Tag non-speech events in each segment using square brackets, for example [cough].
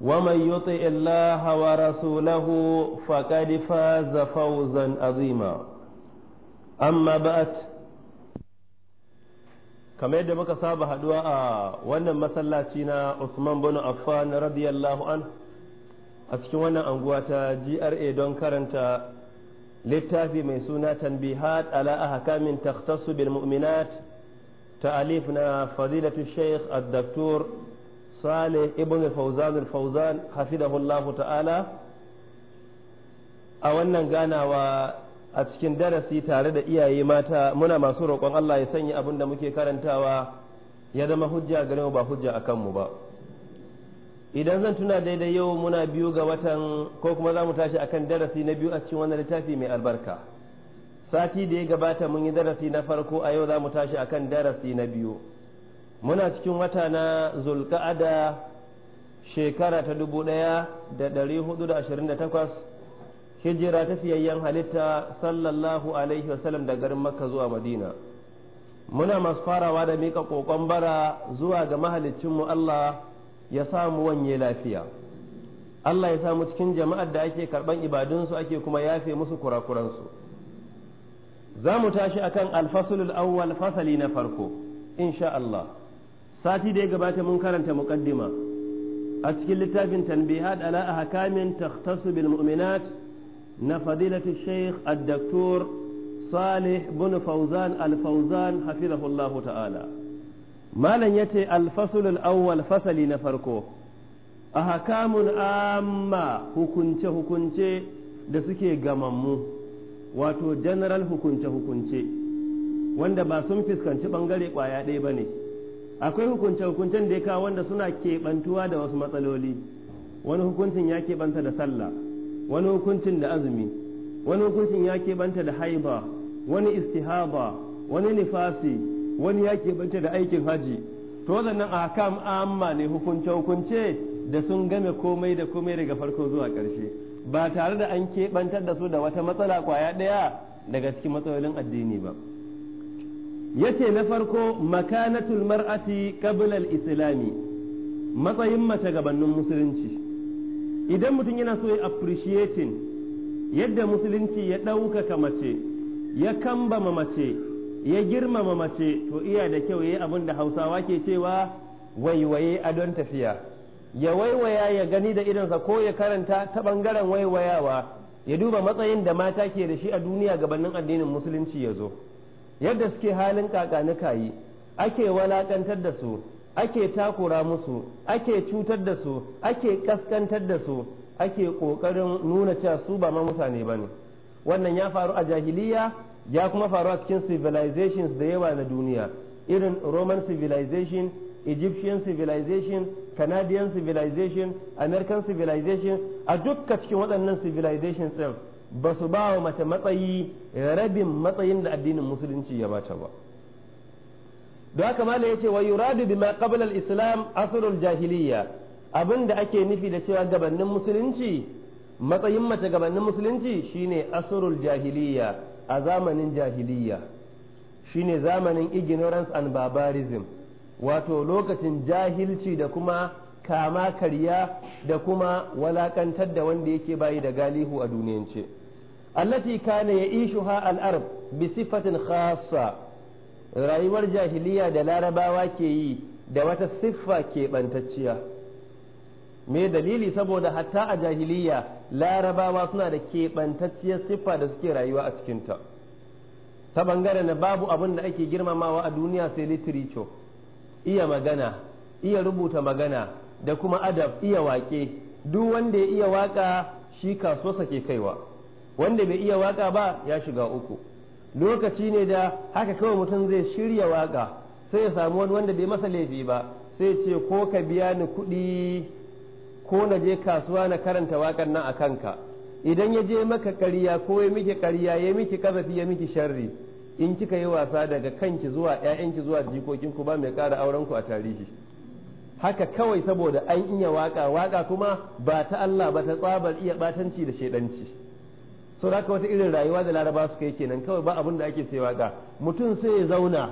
ومن يطع الله ورسوله فقد فاز فوزا عظيما أما بعد كما yadda muka saba haɗuwa a wannan masallaci na Usman bin Affan radiyallahu an a cikin wannan anguwa ta GRA don karanta littafi mai suna tanbihat ala ahkamin takhtassu bil mu'minat ta'alif na fadilatu Sheikh ad sale ibn fauzan al-fauzan hafidahullahu ta'ala a wannan ganawa a cikin darasi tare da iyaye mata muna masu roƙon Allah ya sanya abin da muke karantawa ya zama hujja gare mu ba hujja a kanmu ba idan zan tuna daidai yau muna biyu ga watan ko kuma za mu tashi akan darasi na biyu a cikin wannan littafi mai albarka sati da ya gabata mun yi darasi na farko a yau za mu tashi akan darasi na biyu muna cikin wata na da shekara ta dubu ɗaya da ɗari hudu da ashirin da takwas hijira ta fiyayyen halitta sallallahu alaihi wasallam da garin makka zuwa madina muna masu farawa da mika kokon bara zuwa ga mahalicinmu allah ya samu wanye lafiya allah ya samu cikin jama'ar da ake karɓar ibadunsu ake kuma yafe musu kurakuransu za mu tashi akan alfasulul awwal fasali na farko insha Allah sati da ya gabata mun karanta muqaddima a cikin littafin tanbihat ala ahkamin takhtasu bil mu'minat na fadilatu shaykh ad-daktur salih bin fawzan al-fawzan hafizahullahu ta'ala malam yace al-fasl al-awwal fasali na farko ahkamun amma hukunce hukunce da suke gamammu wato general hukunce hukunce wanda ba sun fuskanci bangare kwaya ɗaya bane ne akwai hukunce-hukuncen da ya kawo wanda suna keɓantuwa da wasu matsaloli wani hukuncin ya keɓanta da sallah wani hukuncin da azumi wani hukuncin ya keɓanta da haiba wani istihaba wani nifasi wani ya keɓanta da aikin haji to a kam amma ne hukunce-hukunce da sun game komai da komai daga farko zuwa ƙarshe ba tare da an keɓantar da su da wata matsala ƙwaya ɗaya daga cikin matsalolin addini ba. yace na farko makanatul mar'ati qabla al-islami matsayin mace gabanin musulunci idan mutum yana so ya appreciating yadda musulunci ya ɗaukaka mace ya kambama mace ya girmama mace to iya da kyau yayi abin da Hausawa ke cewa waiwaye a don tafiya ya waiwaya ya gani da irinsa ko ya karanta ta bangaren waiwayawa ya duba matsayin da mata ke da shi a duniya gabanin addinin musulunci ya zo yadda suke halin kakanuka yi ake walakantar da su ake takura musu ake cutar da su ake kaskantar da su ake ƙoƙarin nuna cewa su ba ma mutane ba ne. wannan ya faru a jahiliya ya kuma faru a cikin civilizations da yawa na duniya irin roman civilization egyptian civilization canadian civilization american civilization a dukka cikin waɗannan civilizations ba su ba wa mace matsayi rabin matsayin da addinin musulunci ya bata ba da haka mala ya ce wa yuradu bima qabla al-islam asrul jahiliya abin da ake nufi da cewa gabanin musulunci matsayin mace gabanin musulunci shine asrul jahiliya a zamanin jahiliya shine zamanin ignorance and barbarism wato lokacin jahilci da kuma kama karya da kuma walakantar da wanda yake bayi da galihu a duniyance التي كان يعيشها al-arab bi rayuwar jahiliya da larabawa ke yi da wata siffa keɓantacciya me dalili saboda hatta a jahiliya larabawa suna da keɓantacciyar siffa da suke rayuwa a cikinta ta bangare na babu abin da ake girmamawa a duniya sai literature iya magana iya rubuta magana da kuma adab iya waƙe duk wanda ya iya waƙa shi kasuwarsa ke kaiwa wanda bai iya waka ba ya shiga uku lokaci ne da haka kawai mutum zai shirya waka sai ya samu wani wanda bai masa laifi ba sai ce ko ka biya ni kuɗi ko na je kasuwa na karanta wakan nan a kanka idan ya je maka ƙarya ko ya miki ƙarya ya miki kazafi ya miki sharri in kika yi wasa daga kanki zuwa ƴaƴanki zuwa jikokinku ba mai auren ku a tarihi haka kawai saboda an iya waka waka kuma ba ta Allah ba ta tsabar iya batanci da shedanci sauraka da wata irin rayuwa da laraba suka yi kenan kawai ba abin da ake cewa ga mutum sai ya zauna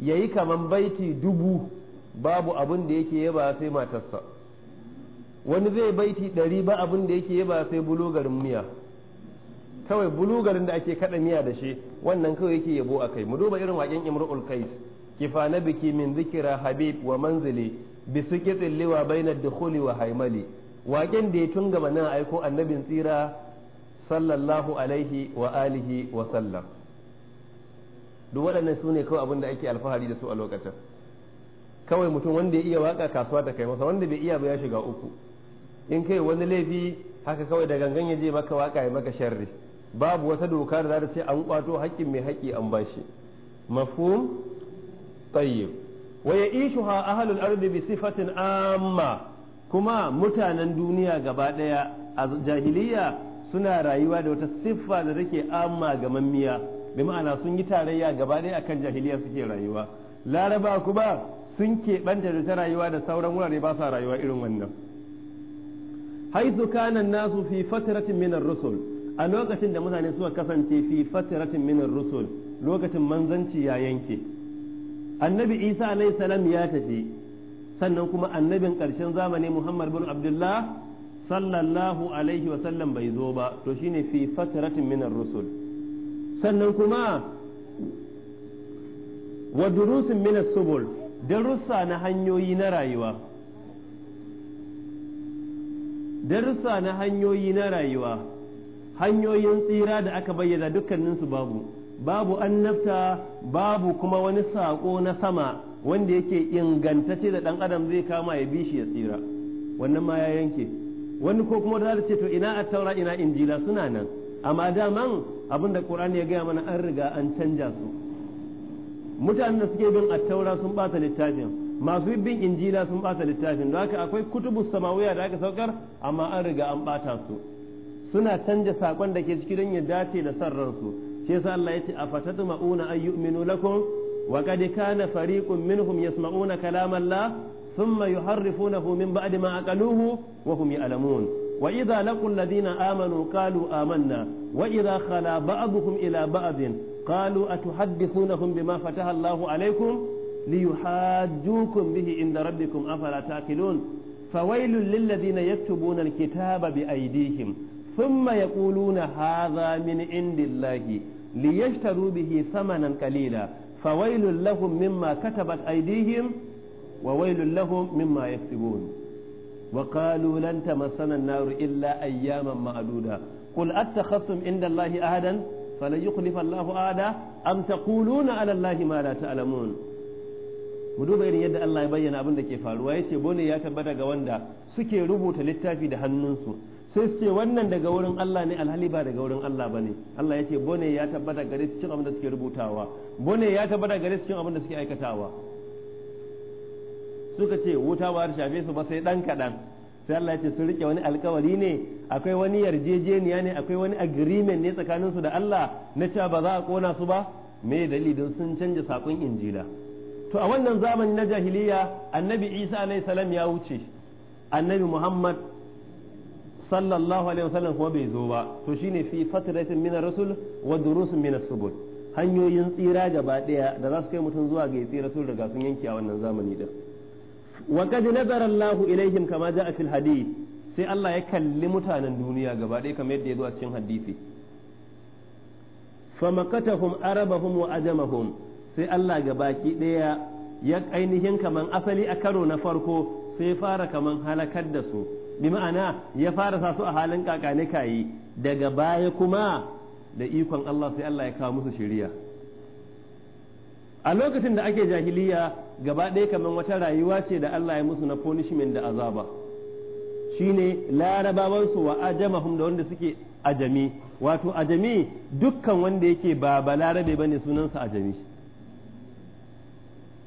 ya yi kaman baiti dubu babu abin da yake yaba sai matarsa wani zai baiti ɗari ba abin da yake yaba sai bulogarin miya kawai bulogarin da ake kaɗa miya da shi wannan kawai yake yabo a kai mu duba irin waƙen imru'ul kais kifa na biki min zikira habib wa manzili bi sukitin liwa bainar dukhuli wa haimali waƙen da ya gaba nan aiko annabin tsira sallallahu alaihi wa alihi wa sallam duk waɗannan su kawai abin da ake alfahari da su a lokacin kawai mutum wanda ya iya waka kasuwa ta kai masa wanda bai iya ba ya shiga uku in kai wani laifi haka kawai da gangan ya je maka waka ya maka sharri babu wata doka da za ta ce an kwato haƙƙin mai haƙƙi an bashi mafhum tayyib wa ya'ishuha ahlul ardi bi sifatin amma kuma mutanen duniya gaba daya a jahiliya suna rayuwa da wata siffa da take amma ga mammiya bi ma'ana sun yi tarayya gaba ɗaya akan jahiliya suke rayuwa laraba kuma sun keɓanta da ta rayuwa da sauran wurare ba sa rayuwa irin wannan haithu kana nasu fi fatratin min rusul a lokacin da mutane suka kasance fi fatratin min rusul lokacin manzanci ya yanke annabi isa alayhi salam ya tafi sannan kuma annabin ƙarshen zamani muhammad bin abdullah sallallahu alaihi wa sallam bai zo ba to shine fi fatratin minar rusul sannan kuma wa durusin minas subul darussa na hanyoyi na rayuwa darussa na hanyoyi na rayuwa hanyoyin tsira da aka bayyana dukkaninsu babu babu annabta babu kuma wani sako na sama wanda yake ingantacce da ɗan adam zai kama ya bi shi ya tsira wannan ma ya yanke wani ko kuma da ce to ina attaura ina injila suna nan amma daman abin da qur'ani ya gaya mana an riga an canja su mutanen da suke bin attaura sun bata littafin masu bin injila sun bata littafin don haka akwai kutubu samawiya da aka saukar amma an riga an bata su suna canja sakon da ke cikin don ya dace da san ransu shi yasa Allah ya ce mauna ayyuminu lakum wa kad kana fariqun minhum yasma'una kalama ثم يحرفونه من بعد ما أكلوه وهم يعلمون وإذا لقوا الذين آمنوا قالوا آمنا وإذا خلا بعضهم إلى بعض قالوا أتحدثونهم بما فتح الله عليكم ليحاجوكم به عند ربكم أفلا تأكلون فويل للذين يكتبون الكتاب بأيديهم ثم يقولون هذا من عند الله ليشتروا به ثمنا قليلا فويل لهم مما كتبت أيديهم وويل لهم مما يكسبون وقالوا لن تمسنا النار إلا أياما معدودة قل أتخذتم عند الله أهدا فلن يخلف الله أهدا أم تقولون على الله ما لا تعلمون mu duba irin yadda Allah ya bayyana abin da ke faruwa ya ce bone ya tabbata ga wanda suke rubuta littafi da hannunsu sai su ce wannan daga wurin Allah ne alhali ba daga wurin Allah bane Allah ya ce bone ya tabbata gare cikin abin da suke rubutawa bone ya tabbata gare cikin abin da suke aikatawa suka ce wuta ba ta shafe su ba sai dan kaɗan sai Allah ya ce sun rike wani alkawari ne akwai wani yarjejeniya ne akwai wani agreement ne tsakanin su da Allah na cewa ba za a kona su ba me dalilin sun canja sakon injila to a wannan zamani na jahiliya annabi Isa alayhi salam ya wuce annabi Muhammad sallallahu alaihi wasallam kuma bai zo ba to shine fi fatratin min rasul wa durusun min subul hanyoyin tsira gaba daya da za su kai mutum zuwa ga tsira sun riga sun yanke a wannan zamani din wa qad nazara Allahu ilaihim kama jaa fil sai Allah ya kalli mutanen duniya gaba ɗaya kamar yadda ya zo a cikin hadisi famakatahum arabahum wa ajamahum sai Allah ki ɗaya ya ainihin kaman asali a karo na farko sai fara kaman halakar da su bi ma'ana ya fara sa su a halin kakane kayi daga baya kuma da ikon Allah sai Allah ya kawo musu shiriya a lokacin da ake jahiliya gaba ɗaya kamar wata rayuwa ce da Allah ya musu na punishment da azaba shine larabawansu wa ajamahum da wanda suke ajami wato ajami dukkan wanda yake ba ba balarabe ne sunansa ajami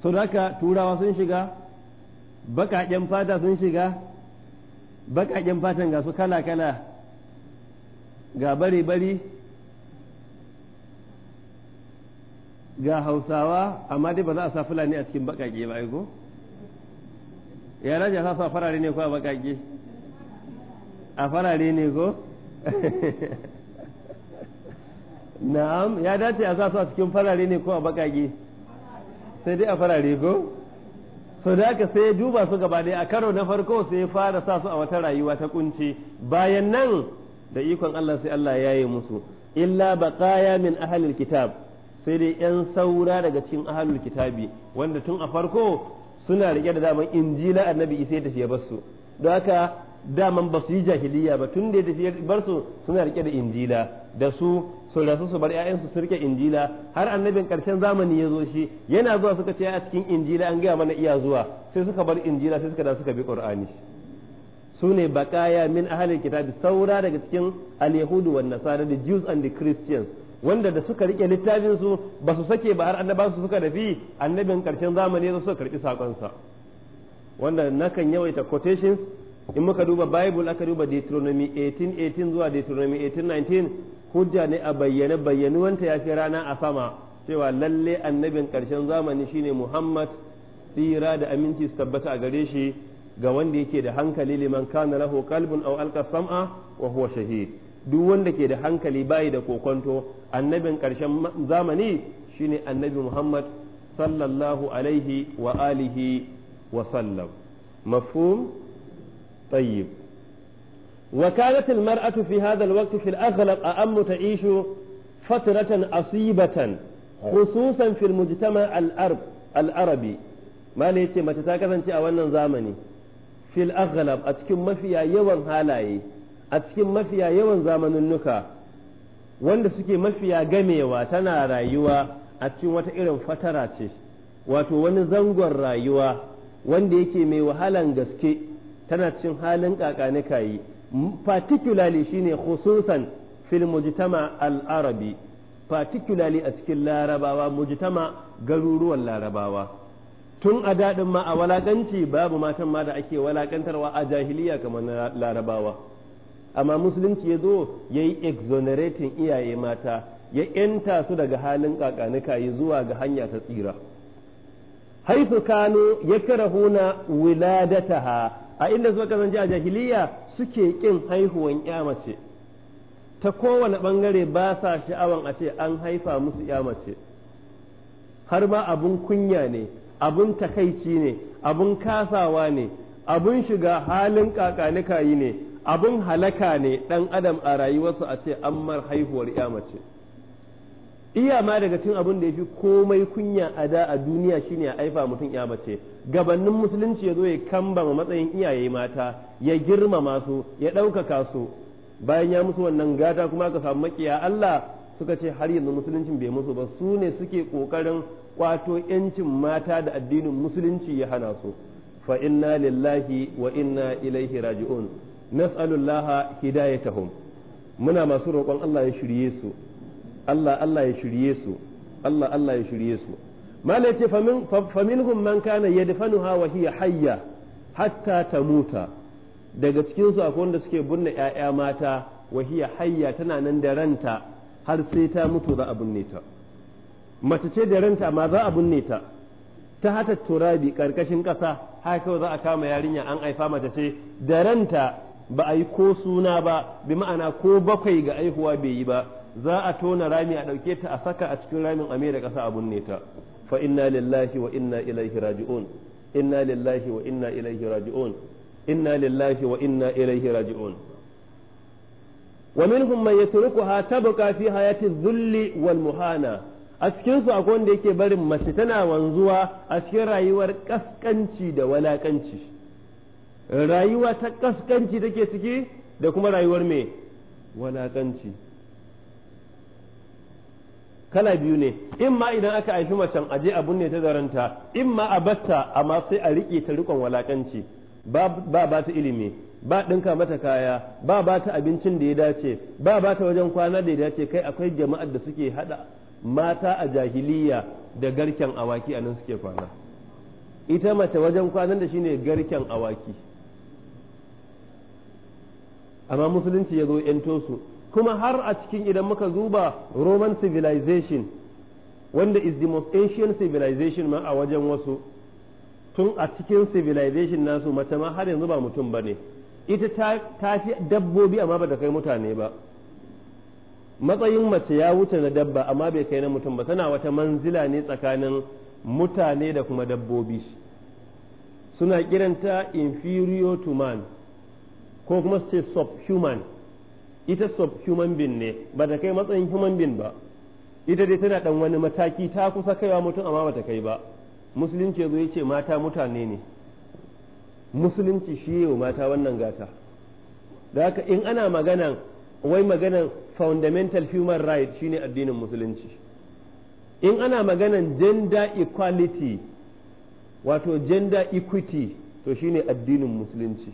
sau haka turawa sun shiga bakaƙen fata sun shiga bakaƙen fatan ga su kala-kala ga bari bari. ga hausawa amma dai ba za a sa fulani a cikin bakage ba aiko yara ja sa farare ne ko a bakage a farare ne ko [laughs] na'am ya dace a sa sa a cikin farare ne ko a bakage sai dai a farare ko so da aka sai ya duba su gaba ɗaya a karo na farko sai ya fara sa su a wata rayuwa ta kunci bayan nan da ikon Allah sai Allah ya yi musu illa baqaya min ahlil kitab sai dai yan saura daga cikin ahalul kitabi wanda tun a farko suna rike da daman injila annabi isa ya tafiya bar basu don haka daman ba su yi jahiliya ba tun da ya tafiya bar su suna rike da injila da su su rasu su bar ya'yan su rike injila har annabin karshen zamani ya zo shi yana zuwa suka ce a cikin injila an gaya mana iya zuwa sai suka bar injila sai suka da suka bi qur'ani su ne bakaya min ahalin kitabi saura daga cikin alyahudu wan nasara the jews and the christians wanda da suka rike littafin su ba su sake ba har annaban su suka dafi annabin karshen zamani ya suka karbi sakon sa wanda nakan yawaita quotations in muka duba bible aka duba deuteronomy 18:18 zuwa deuteronomy 18:19 hujja ne a bayyane bayyanuwanta ya fi rana a sama cewa lalle annabin karshen zamani shine muhammad tsira da aminci su tabbata a gare shi ga wanda yake da hankali liman kana lahu qalbun aw alqa sam'a wa huwa shahid duk wanda ke da hankali bayi da kokonto annabin ƙarshen zamani shine annabi muhammad sallallahu alaihi wa alihi wa sallam mafhum tayyib wa kanat al mar'atu fi hadha al waqt fi al aghlab am fatratan asibatan khususan fi al mujtama al arab yace mace ta kasance a wannan zamani fil aghlab a cikin mafiya yawan halaye a cikin mafiya yawan zamaninnuka wanda suke mafiya gamewa tana rayuwa a cikin wata irin fatara ce wato wani zangon rayuwa wanda yake mai wahalan gaske tana cikin halin kakanika yi particularly shine khususan fil mujtama al arabi particularly a cikin larabawa mujtama garuruwan larabawa tun a daɗin ma a walakanci babu matan ma da ake walaƙantarwa a jahiliya kamar larabawa amma musulunci ya zo ya yi exonerating iyaye mata ya yanta su daga halin kakanika ya zuwa ga hanya ta tsira haifu kano ya karahuna ha a inda suka kasance a jahiliya suke ƙin haihuwan ya mace ta kowane ɓangare ba sa sha'awan a ce an haifa musu ya mace har ma abun kunya ne abun takaici ne abun kasawa ne abun shiga halin kakanika yi ne abun halaka ne ɗan adam a rayuwarsa a ce an haihuwar ya mace iya ma daga cin abun da ya fi komai kunya a da a duniya shine a haifa mutum ya mace gabanin musulunci ya zo ya kambama matsayin iyaye mata ya girmama su ya ɗaukaka su bayan ya musu wannan gata kuma aka samu makiya Allah suka ce har yanzu musulunci bai musu ba su ne suke ƙoƙarin kwato 'yancin mata da addinin musulunci ya hana su fa inna lillahi wa inna ilaihi raji'un nas'alullaha hidayatahum muna masu roƙon Allah ya shirye su Allah Allah ya shirye su Allah Allah ya shirye su malai ce faminhum man kana yadfanuha wa hiya hayya hatta tamuta daga cikin su akwai wanda suke binne ƴaƴa mata wa hiya hayya tana nan da ranta har sai ta mutu za a binne ta mace ce da ranta ma za a binne ta ta hata turabi karkashin ƙasa haka za a kama yarinya an aifa mata ce da ranta ba a yi ko suna ba bi ma'ana ko bakwai ga aihuwa bai yi ba za a tona rami a ɗauke ta a saka a cikin ramin ame da ƙasa a binne ta fa inna lillahi wa inna ilaihi raji'un inna lillahi wa inna ilaihi raji'un inna lillahi wa inna ilaihi raji'un wa minhum man yatrukuha tabqa fi hayati dhulli wal muhana a cikin su akwai wanda yake barin mace tana wanzuwa a cikin rayuwar kaskanci da walakanci rayuwa ta kaskanci take ciki da kuma rayuwar mai walakanci kala biyu ne in ma idan aka haifi macen aje abun ne ta zaranta in ma a batta amma sai a riƙe ta rikon walakanci ba ba ta ilimi ba ɗinka mata kaya ba ba ta abincin da ya dace ba ba ta wajen kwana da ya dace kai akwai jama'ar da suke haɗa mata a jahiliya da garken awaki a nan suke kwana ita mace wajen kwanan da shine garken awaki amma musulunci ya zo yanto su kuma har a cikin idan muka zuba roman civilization wanda is the most ancient civilization ma a wajen wasu tun a cikin civilization nasu mace ma har yanzu ba mutum ba ne ita ta fi dabbobi amma ba ta kai mutane ba matsayin mace ya wuce na dabba amma bai kai na mutum ba tana wata manzila ne tsakanin mutane da kuma dabbobi suna kiranta inferior to man ko kuma su ce subhuman ita subhuman bin ne ba ta kai matsayin human bin ba ita dai tana dan wani mataki ta kusa kaiwa mutum amma ba ta kai ba musulunci zo ya ce mata mutane ne musulunci shi yi mata wannan gata da haka in ana maganan wai maganan fundamental human right shine addinin musulunci in ana maganan gender equality wato gender equity to shine addinin musulunci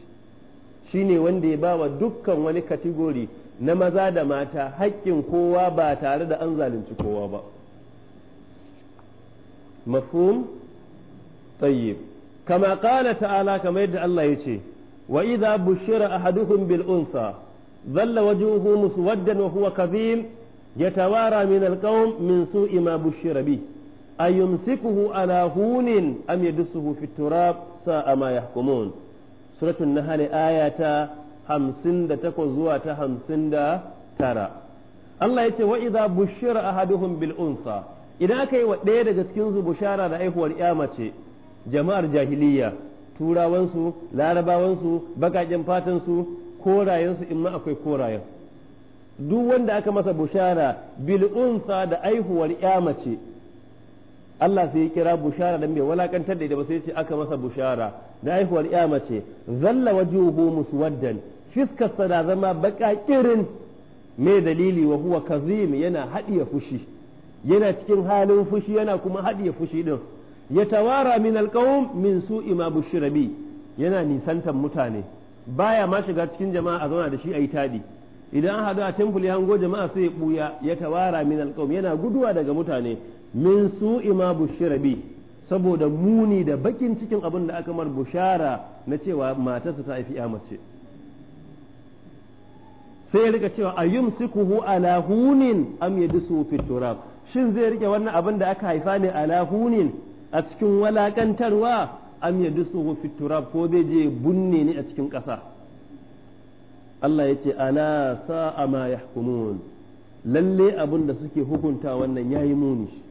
shi ne wanda ya bawa dukkan wani katigori na maza da mata haƙƙin kowa ba tare da an zalunci kowa ba mafhum tayyib kama qala ta'ala kamar yadda Allah ya ce wa idza bushira ahaduhum bil unsa dhalla wajhuhu muswaddan wa huwa kadhim yatawara min al qawm min su'i ma bushira bi ayumsikuhu ala hunin am yadsuhu fit turab sa'a ma yahkumun suratul ayata aya ta takwas zuwa ta hamsin da tara. Allah ya wa wa'iza bushira a haduhun unsa idan aka yi wa ɗaya daga cikin su bushara da aihuwar ya mace jama'ar jahiliya turawansu larabawansu bakaƙen fatansu korayensu in ma akwai korayen duk wanda aka masa bushara bil unsa da aihuwar ya mace Allah sai ya kira bushara dan bai walakantar da ita ba sai ce aka masa bushara da haihuwar ya mace zalla wajuhu muswaddan fiskar sa da zama baka kirin me dalili wa huwa kazim yana hadiya fushi yana cikin halin fushi yana kuma hadiya fushi din ya tawara min alqawm min su'i ma bushira yana nisantar mutane baya ma shiga cikin jama'a a zauna da shi ayi tadi idan an hadu a temple ya hango jama'a sai ya buya ya tawara min alqawm yana guduwa daga mutane min su'i ma bushira bi saboda muni da bakin cikin abin da aka mar bushara na cewa matarsa ta haifi ya mace sai rika cewa a yumsikuhu ala hunin am yadsu fi turab shin zai rike wannan abin da aka haifa ne ala hunin a cikin walakantarwa am yadsu fi turab ko zai je bunne ne a cikin ƙasa Allah ya ce ala sa'a ma yahkumun lalle abin da suke hukunta wannan yayi muni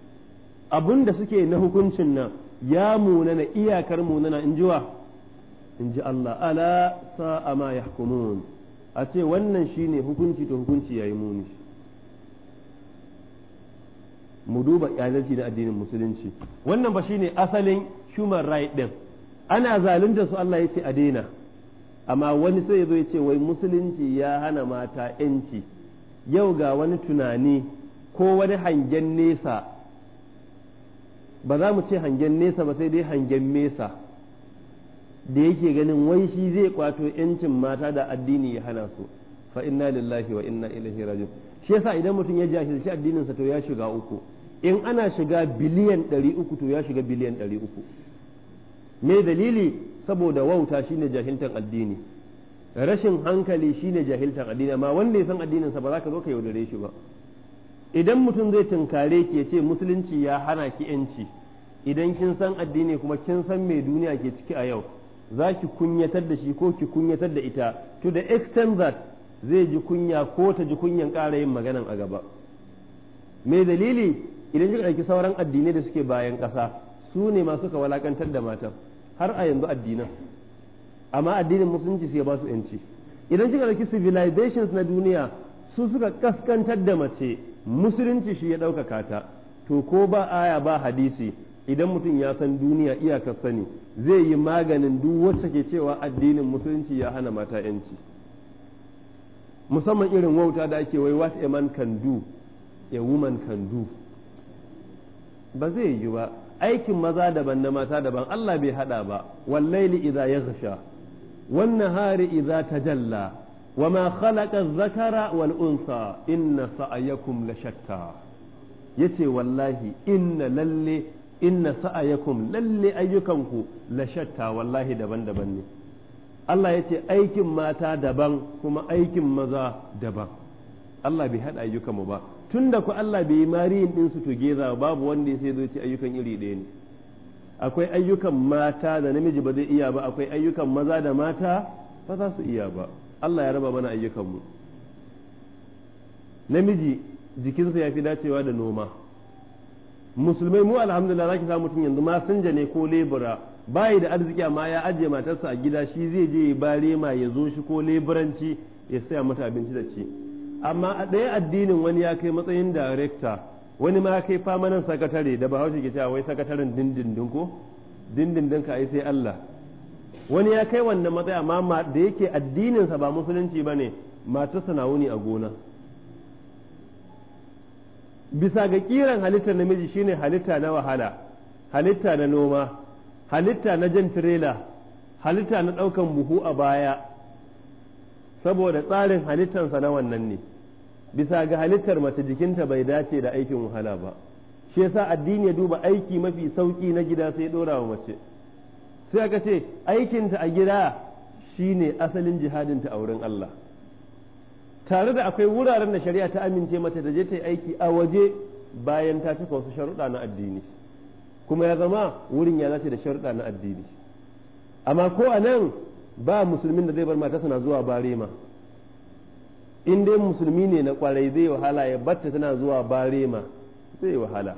abun da suke na hukuncin nan ya munana iyakar munana in ji wa in ji Allah ala sa'a ma yahkumun a ce wannan shine hukunci to hukunci yayi muni mu duba yanarci na addinin musulunci wannan ba shine asalin human right din ana zalunta su Allah ya ce a daina amma wani sai ya zo ya ce wai musulunci ya hana mata yanci yau ga wani tunani ko wani hangen nesa ba za mu ce hangen nesa ba sai dai hangen mesa da yake ganin wai shi zai kwato yancin mata da addini ya hana su fa inna lillahi wa inna ilaihi raji'un shi yasa idan mutum ya jahilci addinin sa to ya shiga uku in ana shiga biliyan 300 to ya shiga biliyan 300 me dalili saboda wauta shine jahiltan addini rashin hankali shine jahiltan addini amma wanda ya san addinin sa ba za ka zo ka yaudare shi ba idan mutum zai tunkare ki ya ce musulunci ya hana ki yanci idan kin san addini kuma kin san me duniya ke ciki a yau za ki kunyatar da shi ko ki kunyatar da ita to da extent that zai ji kunya ko ta ji kunyan ƙara yin maganan a gaba me dalili idan kika ɗauki sauran addinai da suke bayan ƙasa su ne ma suka walakantar da matan har a yanzu addinan amma addinin musulunci sai ba su yanci idan kika ɗauki civilizations na duniya su suka kaskantar da mace musulunci shi ya ɗaukaka ta to ko ba aya ba hadisi idan mutum ya san duniya iyakar sani zai yi maganin duk wacce ke cewa addinin musulunci ya hana mata yanci musamman irin wauta da ake wai what a man can do a woman can do ba zai yi ba aikin maza daban na mata daban Allah bai hada ba wallaili idza yaghsha hari iza ta jalla. وما خلق الذكر والأنثى إن سعيكم لشتى yace wallahi inna lalle inna sa'ayakum lalle ayyukanku la shatta wallahi daban-daban ne Allah yace aikin mata daban kuma aikin maza daban Allah bai haɗa ayyukan mu ba tunda ku Allah bai mariyin din su together babu wanda sai zai ce ayyukan iri ɗaya ne akwai ayyukan mata da namiji ba zai iya ba akwai ayyukan maza da mata ba za su iya ba Allah ya raba mana ayyukanmu namiji jikinsa ya fi dacewa da noma musulmai mu alhamdulillah zaki samu mutum yanzu masinja ne ko lebura bayi da arziki amma ya ajiye matarsa a gida shi zai je ya bare ma ya zo shi ko leburanci ya saya mata abinci da ci amma a ɗaya addinin wani ya kai matsayin darekta wani ma kai famanan sakatare da bahaushe ke cewa wai sakataren dindindin ko dindindin ka ai sai Allah wani ya kai wannan matsayi amma da yake addininsa ba musulunci ba ne matarsa na wuni a gona bisa ga kiran halittar namiji shine halitta na wahala halitta na noma halitta na jan tirela halitta na ɗaukan buhu a baya saboda tsarin halittarsa na wannan ne bisa ga halittar mace jikinta bai dace da aikin wahala ba shi yasa addini ya duba aiki mafi sauki na gida sai ya ɗora wa mace sai aka ce aikinta a gida shine asalin jihadinta a wurin Allah tare da akwai wuraren da shari'a ta amince mata da je ta yi aiki a waje bayan ta cika wasu sharuɗa na addini kuma ya zama wurin ya dace da sharuɗa na addini amma ko a nan ba musulmin da zai bar mata suna zuwa barema in dai musulmi ne na kwarai zai wahala ya batta tana zuwa barema zai wahala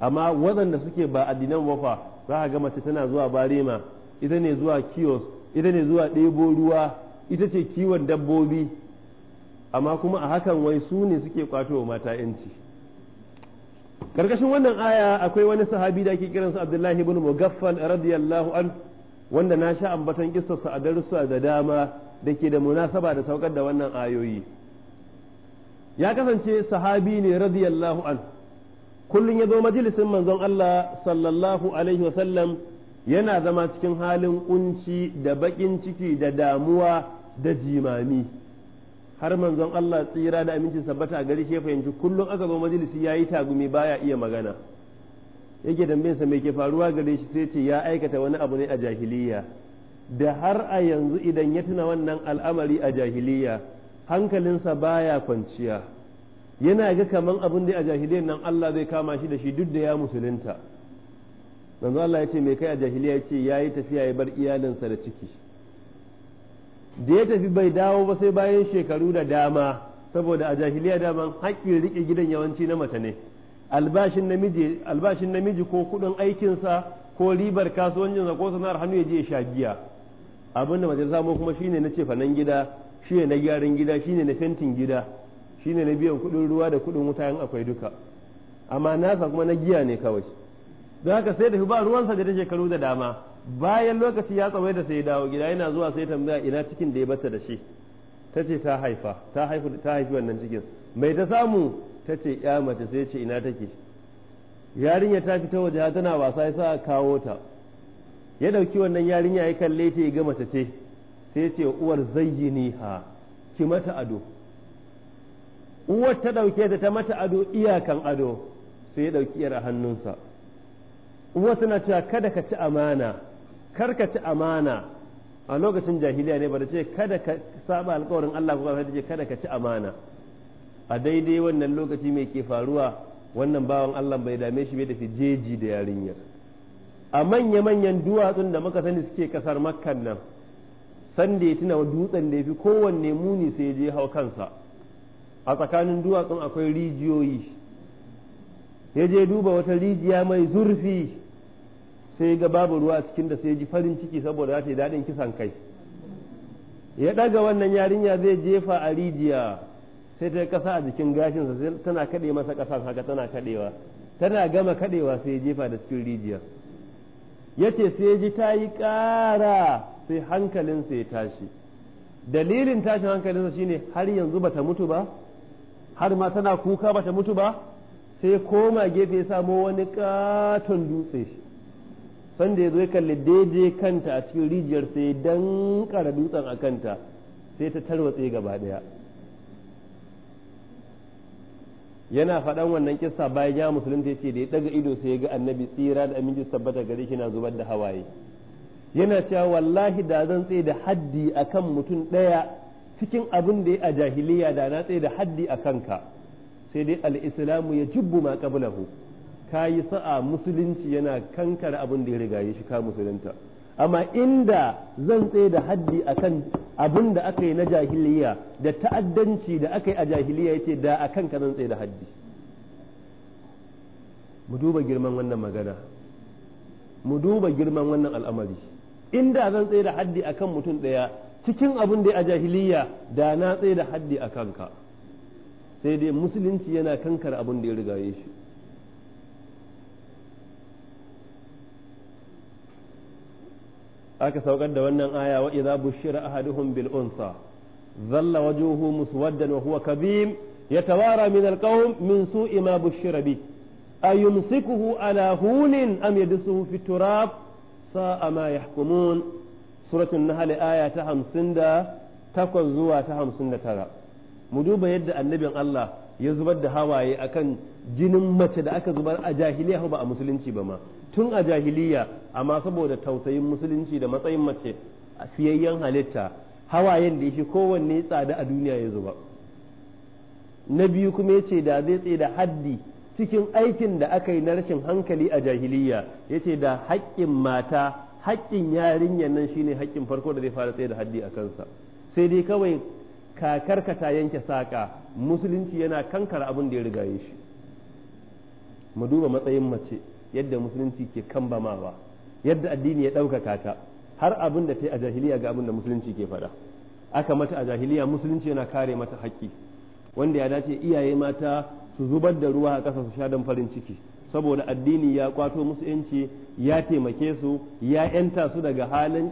amma waɗanda suke ba addinan wafa za a ga mace tana zuwa barema ita ne zuwa kiosk ita ne zuwa ɗebo ruwa ita ce kiwon dabbobi amma kuma a hakan wai su ne suke kwato mata yanci karkashin wannan aya akwai wani sahabi da ake kiransa abdullahi ibn mugaffal radiyallahu an wanda na sha ambaton kissarsa a darussa da dama da ke da munasaba da saukar da wannan ayoyi ya kasance sahabi ne radiyallahu an kullum ya zo majalisin manzon Allah sallallahu alaihi wasallam yana zama cikin halin kunci da baƙin ciki da damuwa da jimami har manzon Allah tsira da amincin sabbata a gari shi fahimci kullum aka zo majalisi yi tagumi baya iya magana yake tambayarsa mai ke faruwa gare shi sai ce ya aikata wani abu ne a jahiliya da har a yanzu idan ya tuna wannan al'amari a jahiliya hankalinsa baya kwanciya yana ga kaman abin da a jahiliyar nan Allah zai kama shi da shi duk da ya musulunta manzo Allah ya ce mai kai a jahiliya ya ce yayi tafiya ya bar iyalinsa da ciki da ya tafi bai dawo ba sai bayan shekaru da dama saboda a jahiliya daman haƙƙin riƙe gidan yawanci na mata ne albashin namiji ko kuɗin aikinsa ko ribar kasuwancinsa ko sana'ar hannu ya je ya sha giya abin da mace ta samu kuma shine na ce fanan gida shine na gyaran gida shine na fentin gida shine na biyan kuɗin ruwa da kuɗin wuta in akwai duka amma nasa kuma na giya ne kawai don haka sai da ba ruwansa da ta shekaru da dama bayan lokaci ya tsawai da sai dawo gida yana zuwa sai tambaya ina cikin da ya bata da shi ta ce ta haifa ta ta haifi wannan cikin mai ta samu ta ce ya mace sai ce ina take yarinya ta fita waje tana wasa ya sa kawo ta ya dauki wannan yarinya ya kalle ta ya ga mace ce sai ce uwar zayyini ha ki mata ado uwar ta ɗauke ta ta mata ado iyakan ado sai ya ɗauki iyar a hannunsa uwar suna cewa kada ka ci amana kar ka ci amana a lokacin jahiliya ne ba da ce kada ka saba alkawarin Allah ko ta ce kada ka ci amana a daidai wannan lokaci mai ke faruwa wannan bawan Allah bai dame shi bai tafi jeji da yarinyar a manya-manyan duwatsun da muka sani suke kasar makkan nan sanda ya tuna dutsen da ya fi kowanne muni sai ya je hau kansa a tsakanin duwatsun akwai rijiyoyi ya je duba wata rijiya mai zurfi sai ga babu ruwa cikin da sai ji farin ciki saboda za ta yi daɗin kisan kai ya ɗaga wannan yarinya zai jefa a rijiya sai ta kasa a jikin gashinsa sai tana kaɗe masa ƙasa haka tana kaɗewa tana gama kaɗewa sai ya jefa da cikin rijiya ya ce sai ji ta yi ƙara sai hankalinsa ya tashi dalilin tashin hankalinsa shine har yanzu bata mutu ba har ma tana kuka bata mutu ba sai koma gefe ya samo wani katon dutse sanda ya zo ya kalli daidai kanta a cikin rijiyar sai dan kara dutsen a kanta sai ta tarwatse gaba daya yana faɗan wannan kissa bayan ya musulunta ya ce da ya ɗaga ido sai ya ga annabi tsira da aminci tabbata gare shi na zubar da hawaye yana cewa wallahi da zan tsaye da haddi akan mutum ɗaya cikin abin da ya a jahiliya da na tsaye da haddi a kanka sai dai al'islamu ya jubbu ma ƙabilahu ka yi sa'a musulunci yana kankar abin da ya riga ya shika musulunta amma inda zan tsaye da haddi a kan abin da aka yi na jahiliya da ta'addanci da aka yi a jahiliya ce da a kanka zan tsaye da haddi mu duba girman wannan magana mu duba girman wannan al'amari inda zan tsaye da haddi akan mutum ɗaya cikin abin da a jahiliya da na tsaye da haddi a kanka sai dai musulunci yana kankar abin da ya riga rigaye shi aka saukar da wannan aya wa idza bushira ahaduhum bil unsa dhalla wajuhu muswaddan wa huwa kabim yatawara min al qawm min su'i ma bushira bi ayumsikuhu ala hunin am yadsuhu fi turab sa'a ma yahkumun suratun nahl aya ta hamsin da takwas zuwa ta hamsin da tara mu duba yadda annabin Allah ya zubar da hawaye akan jinin mace da aka zubar a jahiliya ba a musulunci ba ma tun a jahiliya amma saboda tausayin musulunci da matsayin mace a fiyayyen halitta hawayen da ya kowanne tsada a duniya ya zuba na biyu kuma ya ce da zai tsaye da haddi cikin aikin da aka yi na rashin hankali a jahiliya ya ce da haƙƙin mata haƙƙin yarinyar nan shine haƙƙin farko da zai fara tsaye da haddi a kansa sai dai kawai kakarka ta yanke saƙa musulunci yana kankara abin da ya rigaye shi mu duba matsayin mace yadda musulunci ke kambamawa yadda addini ya ɗaukaka ta har abin da ta yi a jahiliya ga abin da musulunci ke faɗa aka mata a jahiliya musulunci yana kare mata haƙƙi wanda ya dace iyaye mata su zubar da ruwa a ƙasa su sha don farin ciki saboda addini ya kwato musu yanci ya taimake su ya yanta su daga halin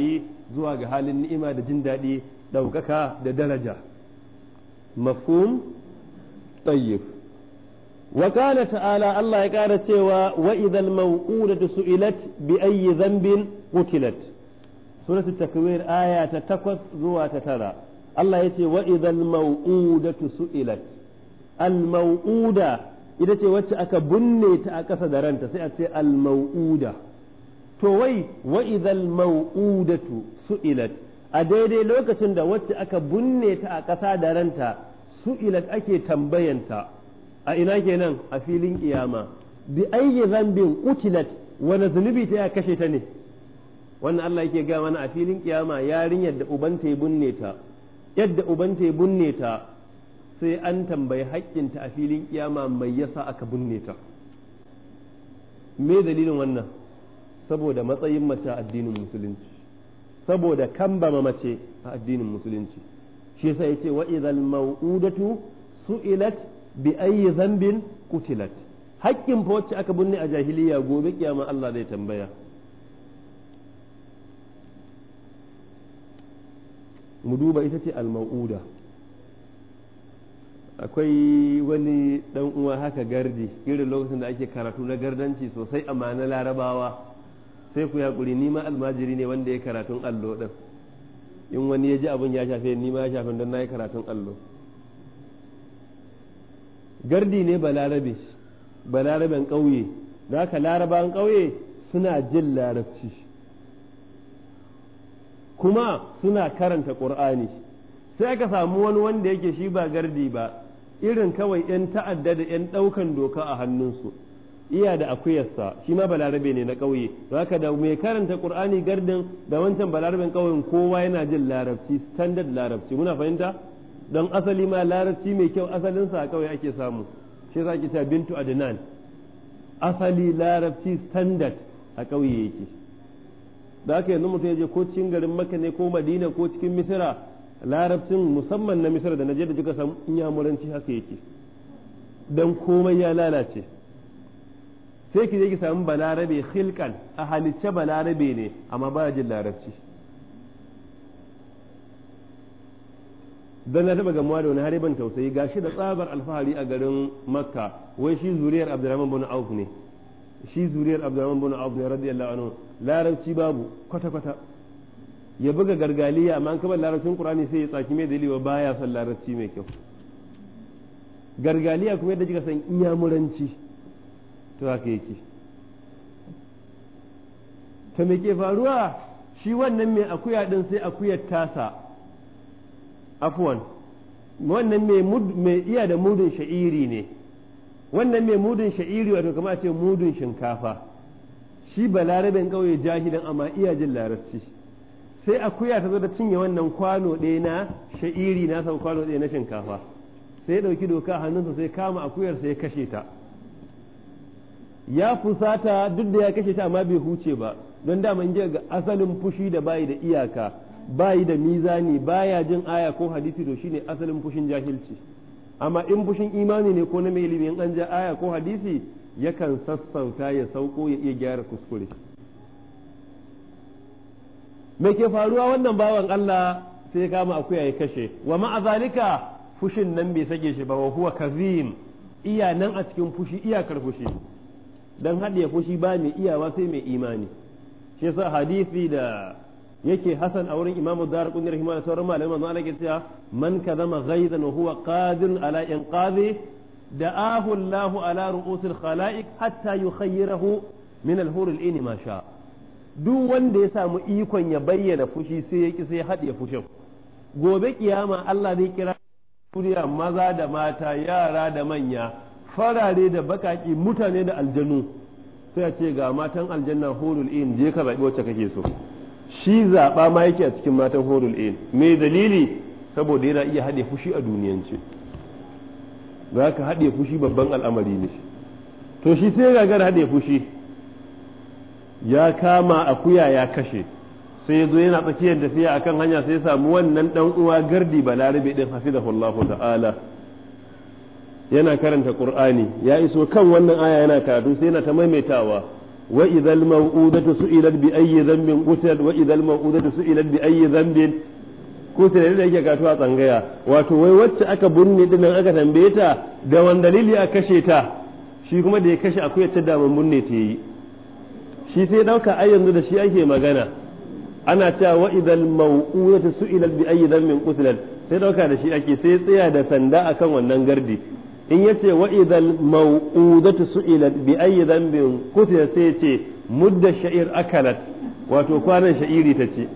yi zuwa ga halin ni'ima da jin daɗi ɗaukaka da daraja mafhum tayyib wa qala ta'ala Allah ya ƙara cewa wa idhal su su'ilat bi ayyi dhanbin qutilat suratul takwir aya ta takwas zuwa ta tara Allah yace wa idhal su su'ilat al mawuda. ita ce wacce aka binne ta a ƙasa da ranta sai a ce al-mau'uda to wai wa idhal mau'udatu su'ilat a daidai lokacin da wacce aka binne ta a ƙasa da ranta su'ilat ake tambayanta a ina kenan a filin kiyama bi ayyi dhanbin qutilat wani zunubi ta ya kashe ta ne wannan Allah yake ga mana a filin kiyama yarinyar da ubanta ya binne ta yadda ubanta ya binne ta sai an tambayi haƙƙinta a filin kiyama mai yasa aka binne ta me dalilin wannan saboda matsayin mace a addinin musulunci saboda kambama mace a addinin musulunci shi sai yace wa idhal mau'udatu su'ilat bi ayyi dhanbin qutilat haƙƙin fa wacce aka binne a jahiliya gobe kiyama Allah zai tambaya mu duba ita ce al-mau'uda akwai wani dan uwa haka gardi irin lokacin da ake karatu na gardanci sosai amma na larabawa sai ku yakuri ni ma almajiri ne wanda ya karatun allo din in wani ya ji abin ya shafe ni ma ya shafe don na yi karatun allo gardi ne balarabe balaraben ƙauye da haka larabawan ƙauye suna jin larabci kuma suna karanta ƙur'ani sai aka samu wani wanda yake shi ba gardi ba irin kawai 'yan ta'adda da 'yan ɗaukan doka a hannunsu iya da akuyarsa shi ma balarabe ne na ƙauye ka da mai karanta ƙur'ani gardin da wancan balaraben ƙauyen kowa yana jin larabci standard larabci muna fahimta don asali ma larabci mai kyau asalinsa a ƙauye ake samu shi za ki ta bintu adnan asali larabci standard a ƙauye yake da aka yanzu mutum ya je ko cikin garin makka ne ko madina ko cikin misira larabcin musamman na misar da na da kika san inyamuranci haka yake don komai ya lalace sai ki je ki samu balarabe khilkan a halicce balarabe ne amma ba jin larabci don na taba gamuwa da wani har ban tausayi gashi da tsabar alfahari a garin makka wai shi zuriyar abdurrahman bin auf ne shi zuriyar abdurrahman bin auf ne radiyallahu anhu larabci babu kwata kwata ya buga gargaliya amma an kaba larabcin qur'ani sai ya tsaki mai dalili ya son larabci mai kyau gargaliya kuma yadda kika san muranci to haka yake to me ke faruwa shi wannan mai akuya din sai akuya tasa afwan wannan mai iya da mudun sha'iri ne wannan mai mudun sha'iri wato kamar a ce mudun shinkafa shi balaraben kauye jahilan amma iya jin larabci sai akuya ta zo da cinye wannan kwano ɗaya na sha'iri na san kwano ɗaya na shinkafa sai ɗauki doka hannunsa sai kama akuyar sai ya kashe ta ya fusata duk da ya kashe ta amma bai huce ba don dama in ga asalin fushi da bayi da iyaka bayi da mizani baya jin aya ko hadisi to shine asalin fushin jahilci amma in fushin imani ne ko na mai in an ja aya ko hadisi yakan sassauta ya sauko ya iya gyara kuskure me ke faruwa wannan bawan Allah sai ya kama akuya ya kashe wa ma'azalika fushin nan bai sage shi ba wa huwa kazim iya nan a cikin fushi iyakar fushi dan haɗe fushi ba mai iyawa sai mai imani shi yasa hadisi da yake hasan a wurin imamu dar kunni rahima da sauran malamai manzo Allah ke cewa man kadama ghaizan wa huwa qadirun ala inqadhi da Allah ala ru'usil khalaiq hatta yukhayyirahu min al-hur ini ma sha' duk wanda ya samu ikon ya bayyana fushi sai ya ki sai ya haɗe fushin gobe kiyama Allah zai kira duniya maza da mata yara da manya farare da bakaki mutane da aljanu sai a ce ga matan aljanna horul in je ka zaɓi wacce kake so shi zaɓa ma yake a cikin matan horul in me dalili saboda yana iya haɗe fushi a duniyance za ka haɗe fushi babban al'amari ne to shi sai gara haɗe fushi ya kama akuya ya kashe sai ya zo yana tsakiyar tafiya akan hanya sai ya samu wannan dan uwa gardi balarabe din hafizahullahu ta'ala yana karanta qur'ani ya iso kan wannan aya yana karatu sai yana ta maimaitawa wa idhal maw'udatu su'ilat bi ayyi dhanbin qutilat wa idhal maw'udatu su'ilat bi ayyi dhanbin ko da yake karatu a tsangaya wato wai wacce aka bunne din nan aka tambaye ta da wani dalili a kashe ta shi kuma da ya kashe akuyar ta damun binne ta yi shi sai dauka ai yanzu da shi ake magana ana cewa wa idal maw'udatu su'ilat bi ayyi dhanbin qutilat sai dauka da shi ake sai tsaya da sanda akan wannan gardi in yace wa idal maw'udatu su'ilat bi ayyi dhanbin qutilat sai yace mudda sha'ir akalat wato kwanan sha'iri ta ce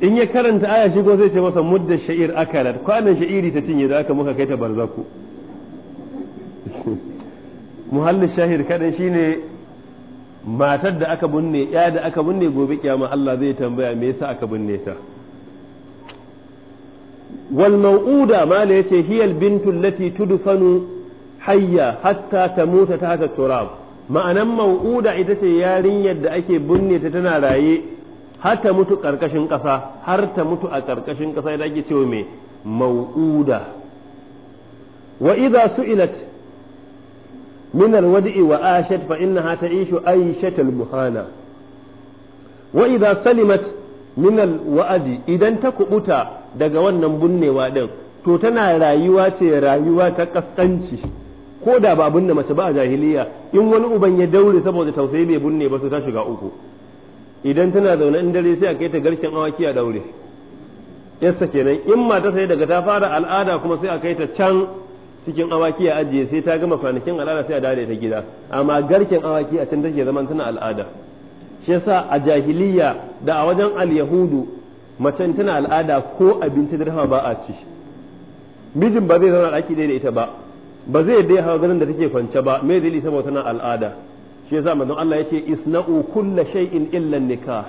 in ya karanta aya shigo zai ce masa mudda sha'ir akalat kwanan sha'iri ta cinye da aka muka kai ta barzaku [laughs] muhallin shahir kadan shine matar da aka binne ya da aka binne gobe kiyama Allah zai tambaya me yasa aka binne ta wal mau'uda ma la yace hiyal bintu allati tudfanu hayya hatta tamuta tahta turab ma'anan mau'uda ita ce yarinyar da ake binne ta tana raye har ta mutu karkashin kasa har ta mutu a karkashin kasa da ake cewa me mau'uda wa idza su'ilat min alwadi wa ashat fa innaha ta'ishu aishat almuhana wa idza salimat min wa'azi idan ta kubuta daga wannan bunnewa din to tana rayuwa ce rayuwa ta kaskanci ko da ba binne mace ba a jahiliya in wani uban ya daure saboda tausayi bai binne ba su ta shiga uku idan tana zaune in dare sai a kai ta garken awaki a daure yassa kenan in mata sai daga ta fara al'ada kuma sai a kai ta can cikin awaki ya ajiye sai ta gama kwanakin al'ada sai a dare ta gida amma garken awaki a can take zama tana al'ada shi yasa a jahiliya da a wajen al'yahudu yahudu macen tana al'ada ko abinci da ba a ci mijin ba zai zauna ɗaki dai da ita ba ba zai dai hawa garin da take kwance ba me dalili saboda tana al'ada shi yasa manzon Allah yace isna'u kulla shay'in illa nikah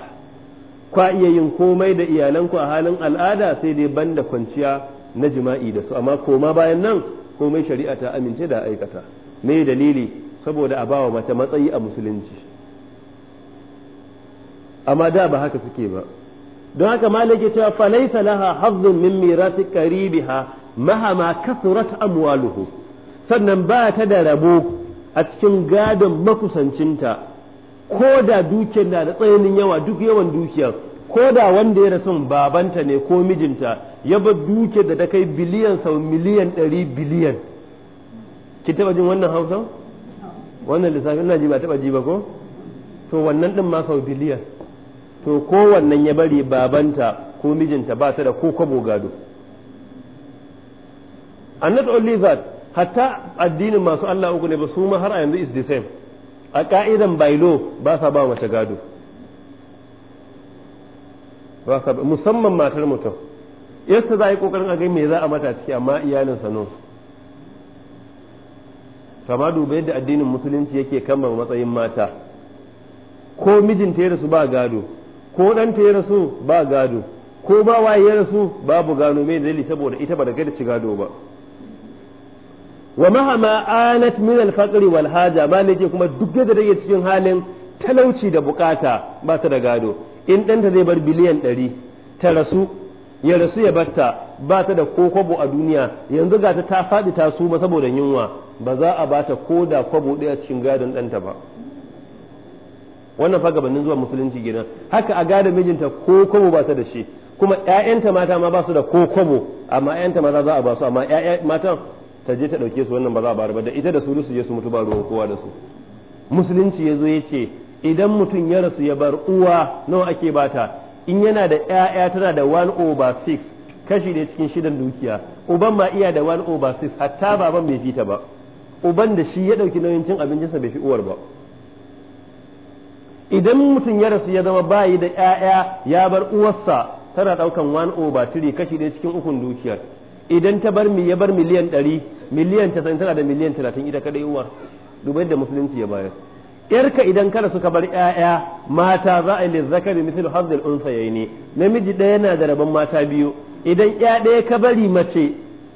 kwa iya yin komai da iyalanku a halin al'ada sai dai banda kwanciya na jima'i da su amma koma bayan nan komai shari'a ta amince da aikata me dalili saboda a bawa mace matsayi a musulunci amma da ba haka suke ba don haka malik ya cewa falaita laha hazzun min mirasi qaribiha mahama kasurat amwaluhu sannan ba ta da rabo a cikin gadon makusancinta ko da dukiyar na da tsananin yawa duk yawan dukiyar ko da wanda ya rasu babanta ne ko mijinta ya ba duke da ta kai biliyan sau miliyan ɗari biliyan ki taɓa jin wannan hausa wannan lissafi ina ji ba taɓa ji ba ko to wannan ɗin ma sau biliyan to ko wannan ya bari babanta ko mijinta ba ta da ko kwabo gado annat only that hatta addinin masu Allah uku ne ba su ma har a yanzu is the same a ka'idan bailo ba sa ba wata gado ba musamman matar mutum yasta za a yi kokarin a ga me za a mata ciki amma iyalin sa no kama yadda addinin musulunci yake kamar matsayin mata ko mijinta ya rasu ba gado ko ɗanta ya rasu ba gado ko ba waye ya rasu babu gano mai dalili saboda ita ba da gaida ci gado ba wa mahama anat min al-faqr wal haja ba ne kuma duk da take cikin halin talauci da bukata ba ta da gado in ɗanta zai bar biliyan ɗari ta rasu ya rasu ya batta ba ta da ko kwabo a duniya yanzu ga ta ta faɗi ta ma saboda yunwa ba za a ba ta ko da kwabo ɗaya cikin gadon ɗanta ba wannan fa gabanin zuwa musulunci gidan haka a gada mijinta ko kwabo ba ta da shi kuma ƴaƴanta mata ma ba su da ko kwabo amma ƴaƴanta mata za a ba su amma ƴaƴa matan ta je ta ɗauke su wannan ba za a ba da ita da su su je su mutu ba ruwan kowa da su musulunci ya zo ya ce idan mutum ya rasu ya bar uwa nawa ake bata in yana da ƴaƴa tana da 1 over 6 kashi ne cikin shidan dukiya uban ma iya da 1 over 6 hatta baban bai fita ba uban da shi ya dauki nauyin cin abincin sa bai fi uwar ba idan mutum ya rasu ya zama bayi da ƴaƴa ya bar uwarsa tana daukan 1 over 3 kashi ne cikin ukun dukiyar idan ta bar mi ya bar miliyan 100 miliyan 90 tana da miliyan 30 ita kadai uwar dubai da musulunci ya bayar yarka idan kada suka bar yaya mata za a yi zakari misal hazzul unsayaini namiji ɗaya yana da rabon mata biyu idan ya ɗaya ka bari mace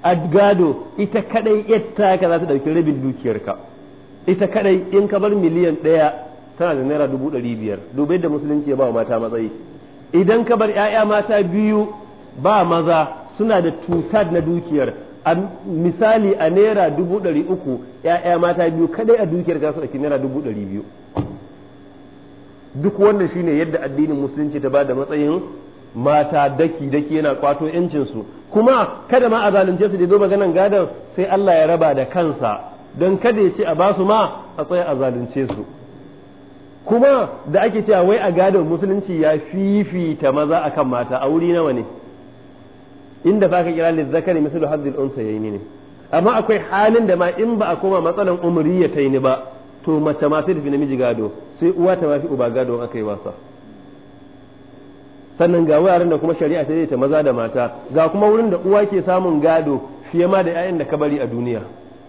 a gado ita kadai yatta ka za ta ɗauki rabin dukiyarka ita kadai in ka bar miliyan ɗaya tana da naira dubu ɗari biyar dubai da musulunci ya ba wa mata matsayi idan ka bar ƴaƴa mata biyu ba maza suna da tutar na dukiyar a misali a naira dubu ɗari uku ‘ya'ya mata biyu kadai a dukiyar za su naira dubu ɗari biyu duk wannan shine yadda addinin musulunci ta ba da matsayin mata daki daki yana kwato yancinsu kuma kada ma a zalunce su da zo maganan gadon sai Allah ya raba da kansa don kada ya ce a basu ma a tsaya a zalunce su kuma da ake cewa wai a gadon musulunci ya fifita maza akan mata a wuri nawa ne inda fa ka kira lizzakari misalu hazzil unsa yayi ne amma akwai halin da ma in ba a koma matsalan umriya ya ni ba to mace ma sai tafi namiji gado sai uwa ta mafi uba gado aka yi wasa sannan ga wuraren da kuma shari'a ta ta maza da mata ga kuma wurin da uwa ke samun gado fiye ma da 'ya'yan da ka bari a duniya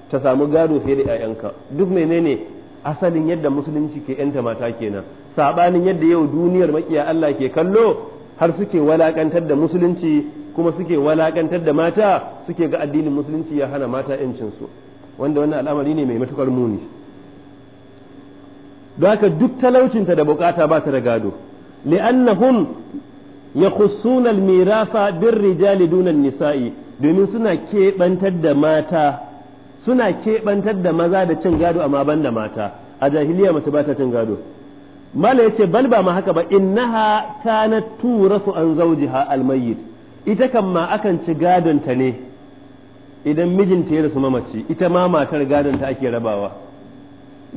ta samu gado fiye da 'ya'yanka duk menene asalin yadda musulunci ke 'yanta mata kenan sabanin yadda yau duniyar makiya Allah ke kallo har suke walakantar da musulunci kuma suke walakantar da mata suke ga addinin musulunci ya hana mata yancinsu wanda wannan al'amari ne mai matukar muni haka duk talaucinta da bukata ba ta da gado li'annahum ya al-mirasa bir-rijali dunan nisai domin suna keɓantar da mata suna keɓantar da maza da cin gado amma ban da mata a jahiliya mace ba ta cin gado mala ce bal ba ma haka ba innaha tura su an zawjiha ha almayyid? ita kan ma akan ci gadonta ne idan mijinta ya rasu mamaci ita ma matar gadonta ake rabawa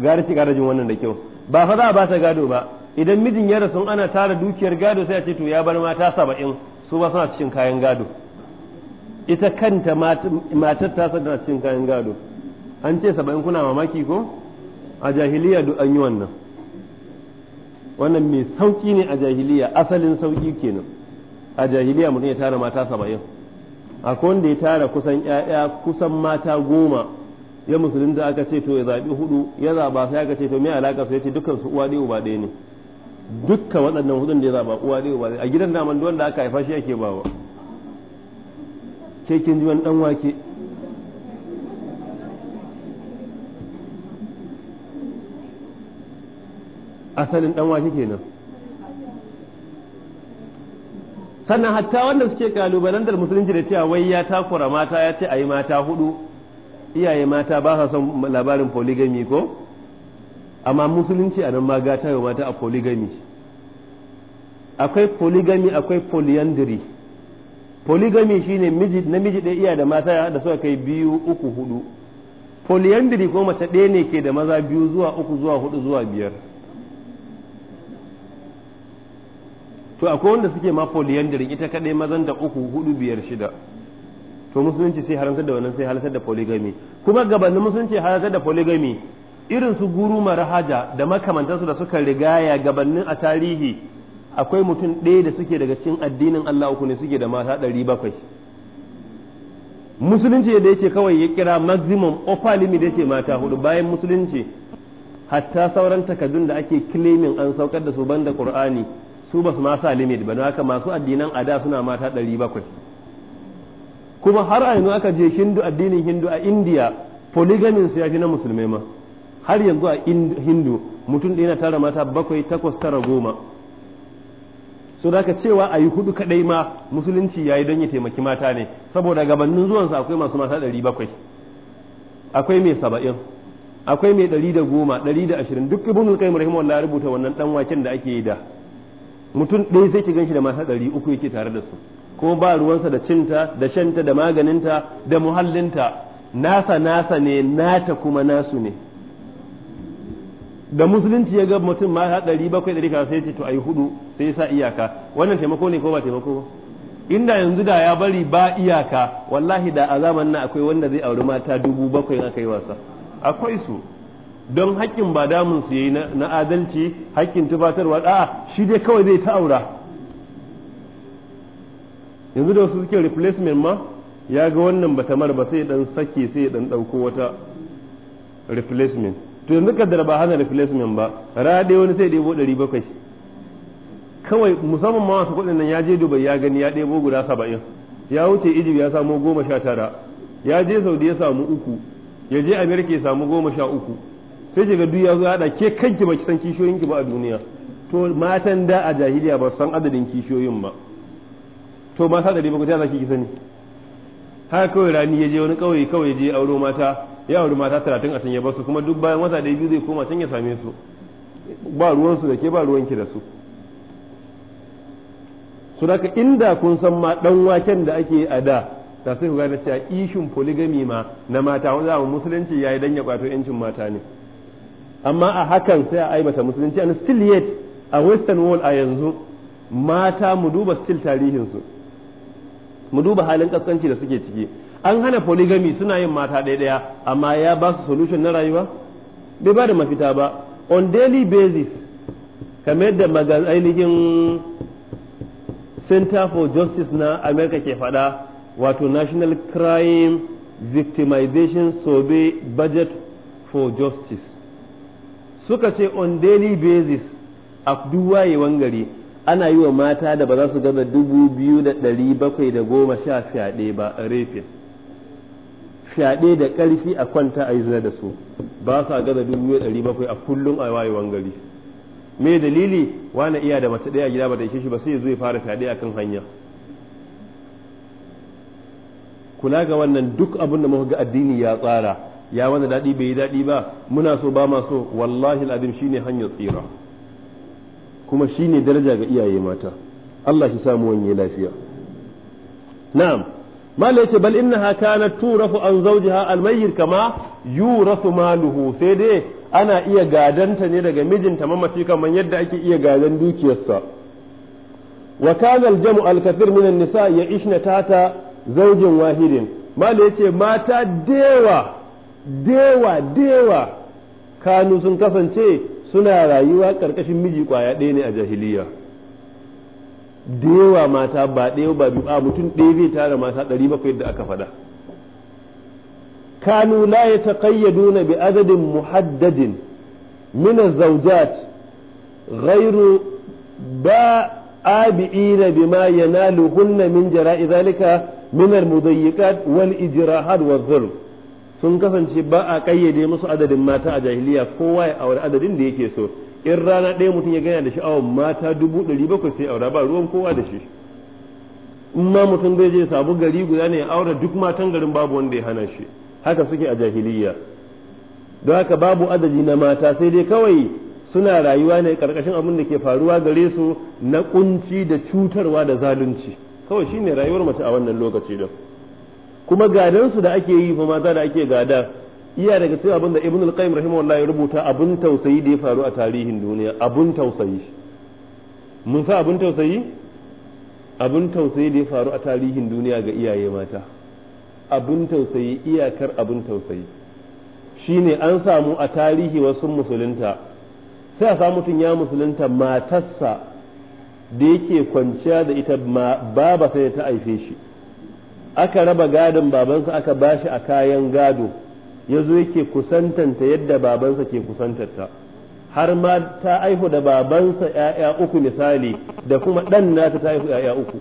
gari ki jin wannan da kyau ba fa za a bata gado ba idan mijin ya rasu ana tara dukiyar gado sai a ce to ya bar mata saba'in su ba suna cikin kayan gado ita kanta matar ta suna cikin kayan gado an ce saba'in kuna mamaki ko a jahiliya duk an yi wannan wannan mai sauki ne a jahiliya asalin sauki kenan a jahiliya mutum ya tara mata saba'in akwai wanda ya tara kusan yaya kusan mata goma ya musulunta aka ce to ya zaɓi hudu ya zaɓa sai aka ce to me alaƙa sai ce dukkan su uwa ɗaya uba ɗaya ne dukkan waɗannan hudun da ya zaɓa uwa ɗaya uba ɗaya a gidan naman duk wanda aka haifa shi ake bawa ke kin ji wani ɗan wake asalin ɗan wake kenan sannan hatta wanda suke kalubalen da musulunci da cewa wai ya takura mata ya ce a yi mata hudu iyaye mata ba sa son labarin polygamy ko amma musulunci a nan ma gata yi mata a polygamy akwai polygamy akwai polyandry polygamy shine miji namiji ɗaya iya da mata da suka kai biyu uku hudu polyandry ko mace ɗaya ne ke da maza biyu zuwa uku zuwa hudu zuwa biyar to akwai wanda suke ma polyandry ita kadai mazan da uku hudu biyar shida to musulunci sai haramtar da wannan sai halartar da polygamy kuma gabanin musulunci halartar da polygamy irin su guru marahaja da makamantansu da suka rigaya gabanin a tarihi akwai mutum ɗaya da suke daga cikin addinin Allah uku ne suke da mata ɗari bakwai musulunci da yake kawai ya kira maximum upper limit yake mata hudu bayan musulunci hatta sauran takaddun da ake claiming an saukar da su banda qur'ani su ba su ma sa limit ba don haka masu addinan ada suna mata ɗari bakwai kuma har a yanzu aka je hindu addinin hindu a indiya polygamin su ya fi na musulmai ma har yanzu a hindu mutum ɗaya na tara mata bakwai takwas tara goma so da cewa a yi hudu kaɗai ma musulunci ya yi don ya taimaki mata ne saboda gabanin zuwansa akwai masu mata ɗari bakwai akwai mai saba'in akwai mai ɗari da goma ɗari da ashirin duk ibn al-qayyim rahimahullah rubuta wannan dan waken da ake yi da mutum ɗaya sai ki ganshi da masu ɗari uku yake tare da su ko ba ruwansa da cinta da shanta da maganinta da muhallinta nasa nasa ne nata kuma nasu ne da musulunci ya ga mutum ma ɗari bakwai ɗari sai ce to ayi hudu sai sa iyaka wannan taimako ne ko ba taimako ba inda yanzu da ya bari ba iyaka wallahi da a zamanin akwai wanda zai auri mata dubu bakwai aka yi wasa akwai su don haƙƙin ba damun su yi na adalci haƙƙin tufatarwa a'a shi dai kawai zai ta aura yanzu da wasu suke replacement ma ya ga wannan ba tamar ba sai dan sake sai dan dauko wata replacement to yanzu kaddar ba hana replacement ba rade wani sai ɗebo ɗari bakwai kawai musamman ma masu kuɗin nan ya je dubai ya gani ya ɗebo guda saba'in ya wuce egypt ya samu goma sha tara ya je saudi ya samu uku ya je america ya samu goma sha uku sai shiga ga duk ya zo hada ke kanki baki san kishiyoyin ki ba a duniya to matan da a jahiliya ba san adadin kishiyoyin ba to mata da ba ku ta zaki ki sani haka kawai rani ya je wani kawai kawai je auro mata ya auri mata talatin a can ya basu kuma duk bayan wata ɗaya biyu zai koma can ya same su ba ruwansu da ke ba ruwanki da su su daga inda kun san ma dan waken da ake a da ta sai ku gane cewa ishin polygamy ma na mata wanda musulunci ya yi danya kwato 'yancin mata ne amma a hakan sai a aibata musulunci and still yet a western world a yanzu mata mu duba still tarihinsu mu duba halin kaskanci da suke ciki an hana polygamy suna yin mata ɗaya amma ya ba su solution na rayuwa bai ba da mafita ba on daily basis kamar yadda maga ainihin center for justice na america ke faɗa wato national crime victimization survey budget for justice suka ce on daily basis a duk wayewan gari ana yi wa mata da ba za su gaza dubu biyu da ɗari bakwai da goma sha fyaɗe ba a refin fyaɗe da ƙarfi a kwanta a yi zina da su ba sa gaza dubu biyu da ɗari bakwai a kullum a wayewan gari me dalili wani iya da mace ɗaya gida ba da shi ba sai zai fara fyaɗe a kan hanya kula ga wannan duk abin da muka ga addini ya tsara ya wani daɗi bai yi daɗi ba muna so ba ma so wallahi al'adim shine hanyar tsira kuma shine daraja ga iyaye mata Allah shi samu wani lafiya na'am mala yace bal innaha kanat turafu an zawjiha almayyit kama yurafu maluhu sai dai ana iya gadanta ne daga mijinta mamaci kamar yadda ake iya gadan dukiyarsa wa kana aljamu alkathir min an-nisa ya'ishna tata zawjin wahidin mala yace mata dewa dewa dewa kanu sun kasance suna rayuwa karkashin miji kwaya ɗaya ne a jahiliya dewa mata ba ɗaya ba biyu a mutum ɗaya zai tara mata ɗari bakwai da aka faɗa kanu la ya taƙayyaduna bi adadin muhaddadin mina zaujat ghairu ba آبئين min ينالهن من minar ذلك wal ijira har والظلم sun kasance ba a kayyade musu adadin mata a jahiliya kowa ya aure adadin da yake so in rana ɗaya mutum ya gana da sha'awar mata dubu ɗari bakwai sai aura ba ruwan kowa da shi in ma mutum zai je sabu gari guda ne ya aure duk matan garin babu wanda ya hana shi haka suke a jahiliya don haka babu adadi na mata sai dai kawai suna rayuwa ne karkashin abin da ke faruwa gare su na kunci da cutarwa da zalunci kawai shine rayuwar mace a wannan lokaci da kuma gadansu da ake yi kuma maza da ake gada iya daga cewa abin da ibn al-qayyim rahimahullah ya rubuta abun tausayi da ya faru a tarihin duniya abun tausayi mun sa abun tausayi abun tausayi da ya faru a tarihin duniya ga iyaye mata abun tausayi iyakar abun tausayi shine an samu a tarihi wasu musulunta sai a samu mutum ya musulunta matarsa da yake kwanciya da ita ba ba sai ta haife shi aka raba gadon babansa aka bashi a kayan gado ya zo yake kusantanta yadda babansa ke kusantarta har ma ta aihu da babansa ‘ya'ya uku misali da kuma ɗan nata ta aihu ‘ya'ya uku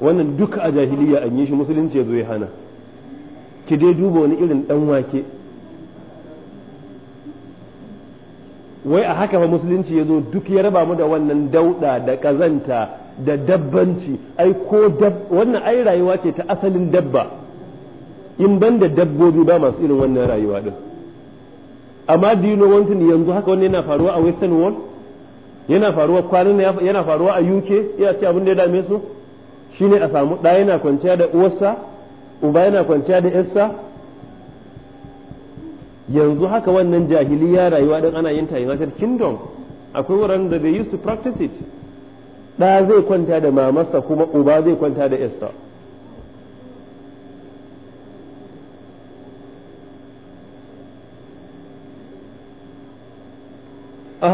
wannan duka a jahiliya an yi shi musulunci ya zo ya hana ki dai duba wani irin ɗan wake wai a haka fa musulunci ya zo duk ya raba mu da wannan dauɗa da ƙazanta da dabbanci ai ko wannan ai rayuwa ce ta asalin dabba in ban da dabbobi ba masu irin wannan rayuwa din amma do you yanzu haka wannan yana faruwa a western world yana faruwa kwanan yana faruwa a UK ya ce abin da ya dame su shine a samu ɗa yana kwanciya da uwarsa uba yana kwanciya da yarsa yanzu haka wannan jahiliya rayuwa din ana yin ta United Kingdom akwai wuraren da they used to practice it ɗa zai kwanta da mamarsa kuma uba zai kwanta da a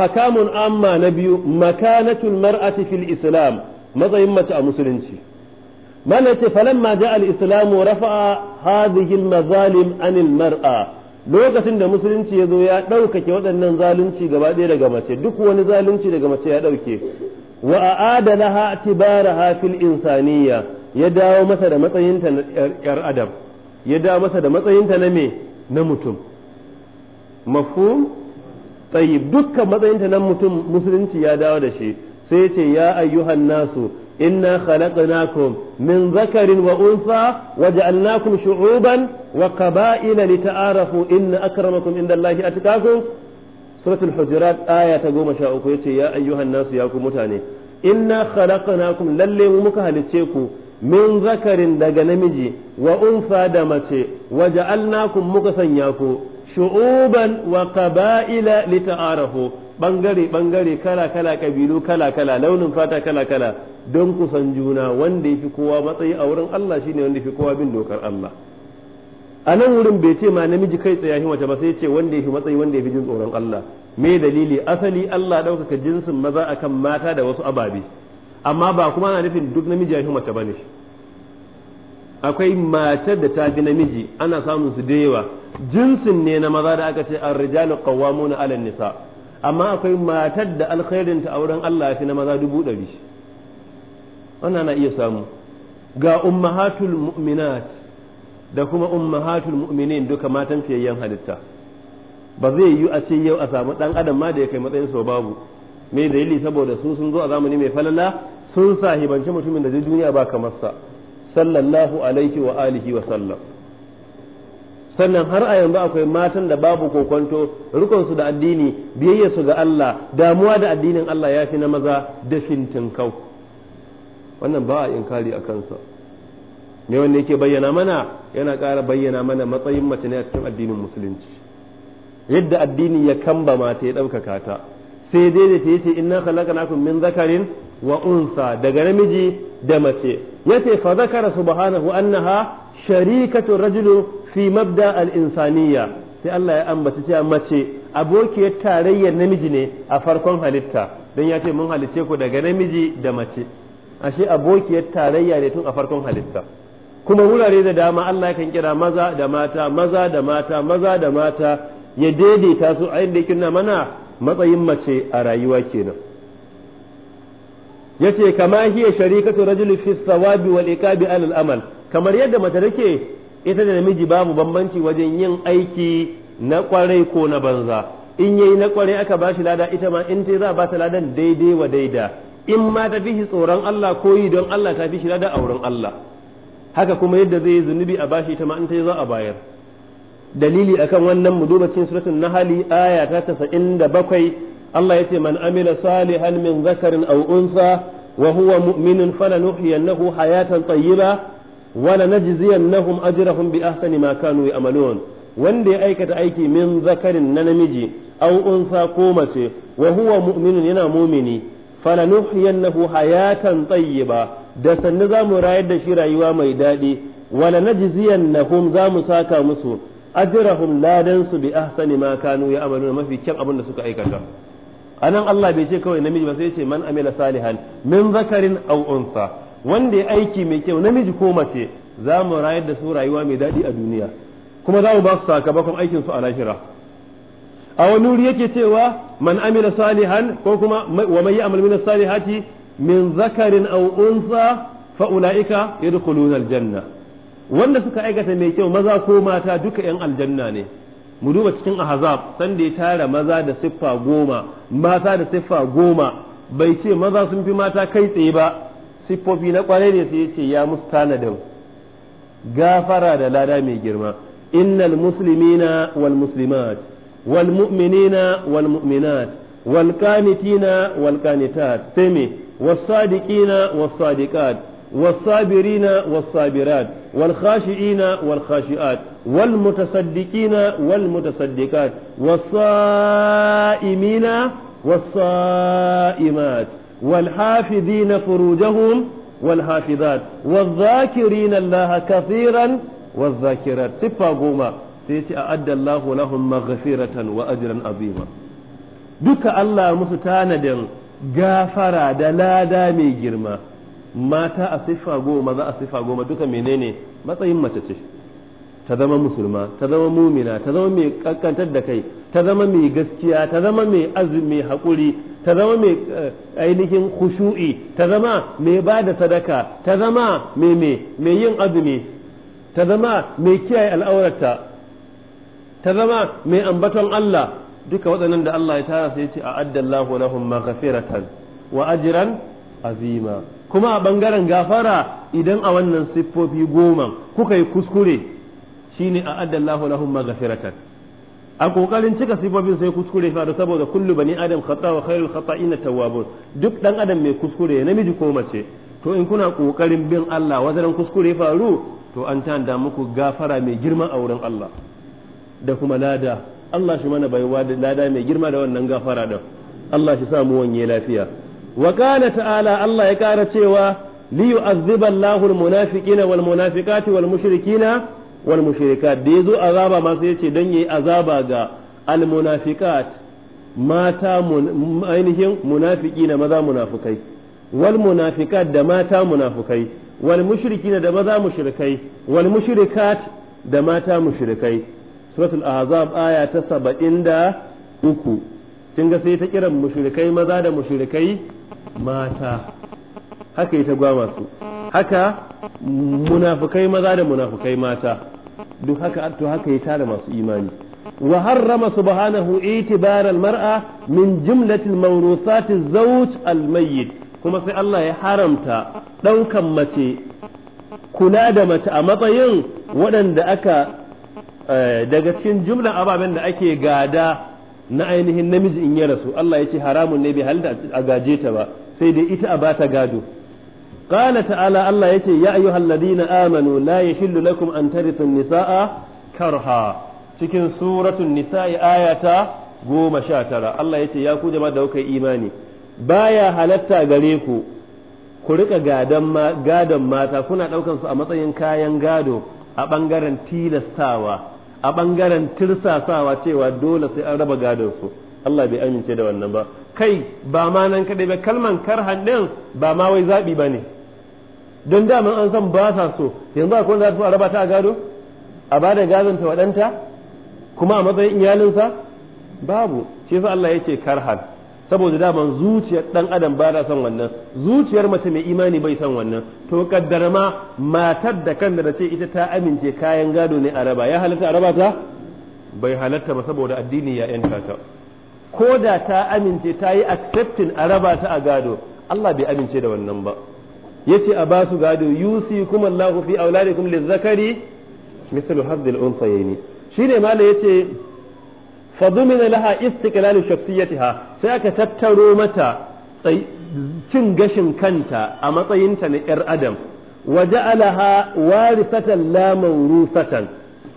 ahkamun amma na biyu makanatul mar'ati fil islam matsayin mace a musulunci man yace falamma ja al islam wa rafa'a hadhihi al mazalim mar'a lokacin da musulunci ya zo ya ɗaukake waɗannan zalunci gaba ɗaya daga mace duk wani zalunci daga mace ya ɗauke wa a'ada laha tibaraha hafin insaniya ya dawo masa da matsayinta na yar adam ya dawo masa da matsayinta na me na mutum mafhum tsayi dukkan matsayinta na mutum musulunci ya dawo da shi sai ce ya ayyuhan nasu inna khalaqnakum min zakarin wa unsa ja'alnakum shu'uban wa qaba'ila lita'arafu inna akramakum indallahi atqakum suratul hujurat aya ta goma sha uku yace ya ayyuhan nasu ya ku mutane inna khalaqnakum lalle mu muka halicce ku min zakarin daga namiji wa unfa da mace wa ja'alnakum muka sanya ku shu'uban wa qaba'ila lita'arafu bangare bangare kala kala kabilu kala kala launin fata kala kala don ku juna wanda yafi kowa matsayi a wurin Allah shine wanda yafi kowa bin dokar Allah a nan wurin bai ce ma namiji kai tsaye shi mace ba sai ce wanda ya fi matsayi wanda ya fi jin tsoron Allah me dalili asali Allah ɗaukaka jinsin maza akan mata da wasu ababe amma ba kuma ana nufin duk namiji ya fi mace bane akwai matar da ta fi namiji ana samun su da yawa jinsin ne na maza da aka ce ar-rijalu qawwamuna 'ala nisa amma akwai matar da alkhairin ta auren Allah ya fi na maza dubu ɗari wannan na iya samu ga ummahatul mu'minat da kuma ummahatul mu'minin duka matan fiyayyen halitta ba zai yiwu a ce yau a samu dan adam ma da ya kai matsayin sau babu me dalili saboda su sun zo a zamani mai falala sun sahibanci mutumin da zai duniya ba kamar sa sallallahu alaihi wa alihi wa sallam sannan har a yanzu akwai matan da babu kokonto rukunsu da addini su ga Allah damuwa da addinin Allah ya fi na maza da kau wannan ba a inkari a kansa ne wanda yake bayyana mana yana ƙara bayyana mana matsayin mace ne a cikin addinin musulunci yadda addini ya kamba mata ya ɗaukaka ta sai dai da ta yace inna khalaqnakum min zakarin wa unsa daga namiji da mace yace fa zakara subhanahu annaha sharikatu rajulu fi mabda al-insaniyya sai Allah ya ambaci cewa mace abokiyar tarayyar namiji ne a farkon halitta don ya ce mun halicce ku daga namiji da mace ashe abokiyar tarayya ne tun a farkon halitta kuma wurare da dama Allah kan kira maza da mata maza da mata maza da mata ya daidaita su a inda yake mana matsayin mace a rayuwa kenan yace kama hiya sharikatu rajul fi thawabi wal iqabi al amal kamar yadda mace take ita da namiji babu bambanci wajen yin aiki na kwarai ko na banza in yayi na kwarai aka bashi lada ita ma in ta za ba ta ladan daidai wa daida in ma ta fi tsoron Allah koyi don Allah ta fi shi lada auren Allah haka kuma yadda zai yi zunubi a bashi ta ma in za a bayar dalili akan wannan mu duba cikin suratul nahli aya ta 97 Allah yace man amila salihan min zakarin aw unsa wa huwa mu'minun falanuhyiyannahu hayatan tayyiba wa lanajziyannahum ajrahum bi ahsani ma kanu ya'malun wanda ya aikata aiki min zakarin na namiji aw unsa ko mace wa huwa mu'minun yana mumini falanuhyiyannahu hayatan tayyiba da sannu za mu rayar da shi rayuwa mai daɗi wala na nahum za mu saka musu ajrahum ladan bi ahsani ma kanu ya amalu mafi kyan abin da suka aikata anan Allah bai ce kawai namiji ba sai ce man amila salihan min zakarin aw wanda ya aiki mai kyau namiji ko mace za mu rayar da su rayuwa mai daɗi a duniya kuma za mu ba su sakamakon aikin su a lahira a wani wuri yake cewa man amila salihan ko kuma wa man ya'mal min salihati min zakarin aw unsa fa ulaika yadkhuluna aljanna wanda suka aikata mai kyau maza ko mata duka yan aljanna ne mu duba cikin ahzab sanda ya tara maza da siffa goma mata da siffa goma bai ce maza sun fi mata kai tsaye ba siffofi na kwarai ne sai ya ce ya musu tanadin gafara da lada mai girma innal muslimina wal muslimat wal mu'minina wal mu'minat wal qanitina wal qanitat sai والصادقين والصادقات والصابرين والصابرات والخاشعين والخاشعات والمتصدقين والمتصدقات والصائمين والصائمات والحافظين فروجهم والحافظات والذاكرين الله كثيرا والذاكرات صفة قوما سيتي أعد الله لهم مغفرة وأجرا عظيما دك الله مستانا gafara da lada mai girma mata a siffa goma maza a siffa goma duka menene matsayin mace ce ta zama musulma ta zama mumina ta zama mai kankantar da kai ta zama mai gaskiya ta zama mai azumi haƙuri ta zama mai eh, ainihin khushu'i ta zama mai ba da sadaka ta zama mai mai yin azumi ta zama mai kiyaye al'aurarta ta zama mai ambaton Allah duka waɗannan da Allah ya tara sai ya ce a addallahu lahum maghfiratan wa ajran azima kuma a bangaren gafara idan a wannan siffofi goma kuka yi kuskure shine a addallahu lahum maghfiratan a kokarin cika siffofin sai kuskure faru saboda kullu bani adam khata wa khairul khata'ina tawwabun duk dan adam mai kuskure namiji ko mace to in kuna kokarin bin Allah wazaran kuskure faru to an tanda muku gafara mai girma a wurin Allah da kuma lada Allah shi mana bai da lada mai girma da wannan gafara din Allah shi samu wanye lafiya wa kana ta'ala Allah ya kara cewa li yu'azziba Allahu al-munafiqina wal munafiqati wal mushrikina wal mushrikat da yazo azaba ma sai yace dan yayi azaba ga al munafiqat mata ainihin munafiqina maza munafikai wal munafiqat da mata munafikai wal mushrikina da maza mushrikai wal mushrikat da mata mushrikai suratul ahzab aya ta saba'in da uku kin ga sai ta kiran mushrikai maza da mushrikai mata haka ita gwama masu haka munafukai maza da munafukai mata duk haka to haka ya tara masu imani wa harrama subhanahu itibar almar'a min jumlati almawrusat azwaj almayyit kuma sai Allah ya haramta daukan mace kula da mace a matsayin waɗanda aka Eh, daga cikin jumla ababen da ake gada na ainihin namiji in ya rasu Allah ya ce haramun ne bai halitta a gaje ta ba sai dai ita a bata gado qala ta'ala Allah ya ce ya ayyuhalladhina amanu la yahillu lakum an tarithu nisaa karha cikin suratul nisa'i ayata goma sha tara Allah ya ce ya ku jama'a da kuka imani baya halatta gare ku ku rika gadon mata kuna ɗaukan su a matsayin kayan gado a ɓangaren tilastawa a bangaren tirsasawa cewa dole sai an raba gadon su Allah bai amince da wannan ba kai ba ma nan kadai ba kalman karhan ɗin ba ma wai zabi ne don da an san ba sa so yanzu akwai wanda za a raba ta a gado a bada gadon ta waɗanta kuma a matsayin iyalinsa babu shi yasa Allah ya ce karhan saboda daman zuciyar dan adam ba da son wannan zuciyar mace mai imani bai son wannan to kaddara ma matar da kanta da ce ita ta amince kayan gado ne a raba ya halatta a raba ta bai halatta ba saboda addini ya yanka ta ko da ta amince ta yi accepting a raba ta a gado Allah bai amince da wannan ba yace a basu gado kuma Allahu fi auladikum lizzakari mislu hadhil unsayni shine malai yace fa dumina laha istiqlal shakhsiyatiha sai aka tattaro mata cin gashin kanta a matsayinta na yar adam waje ja'alaha warisatan la mawrusatan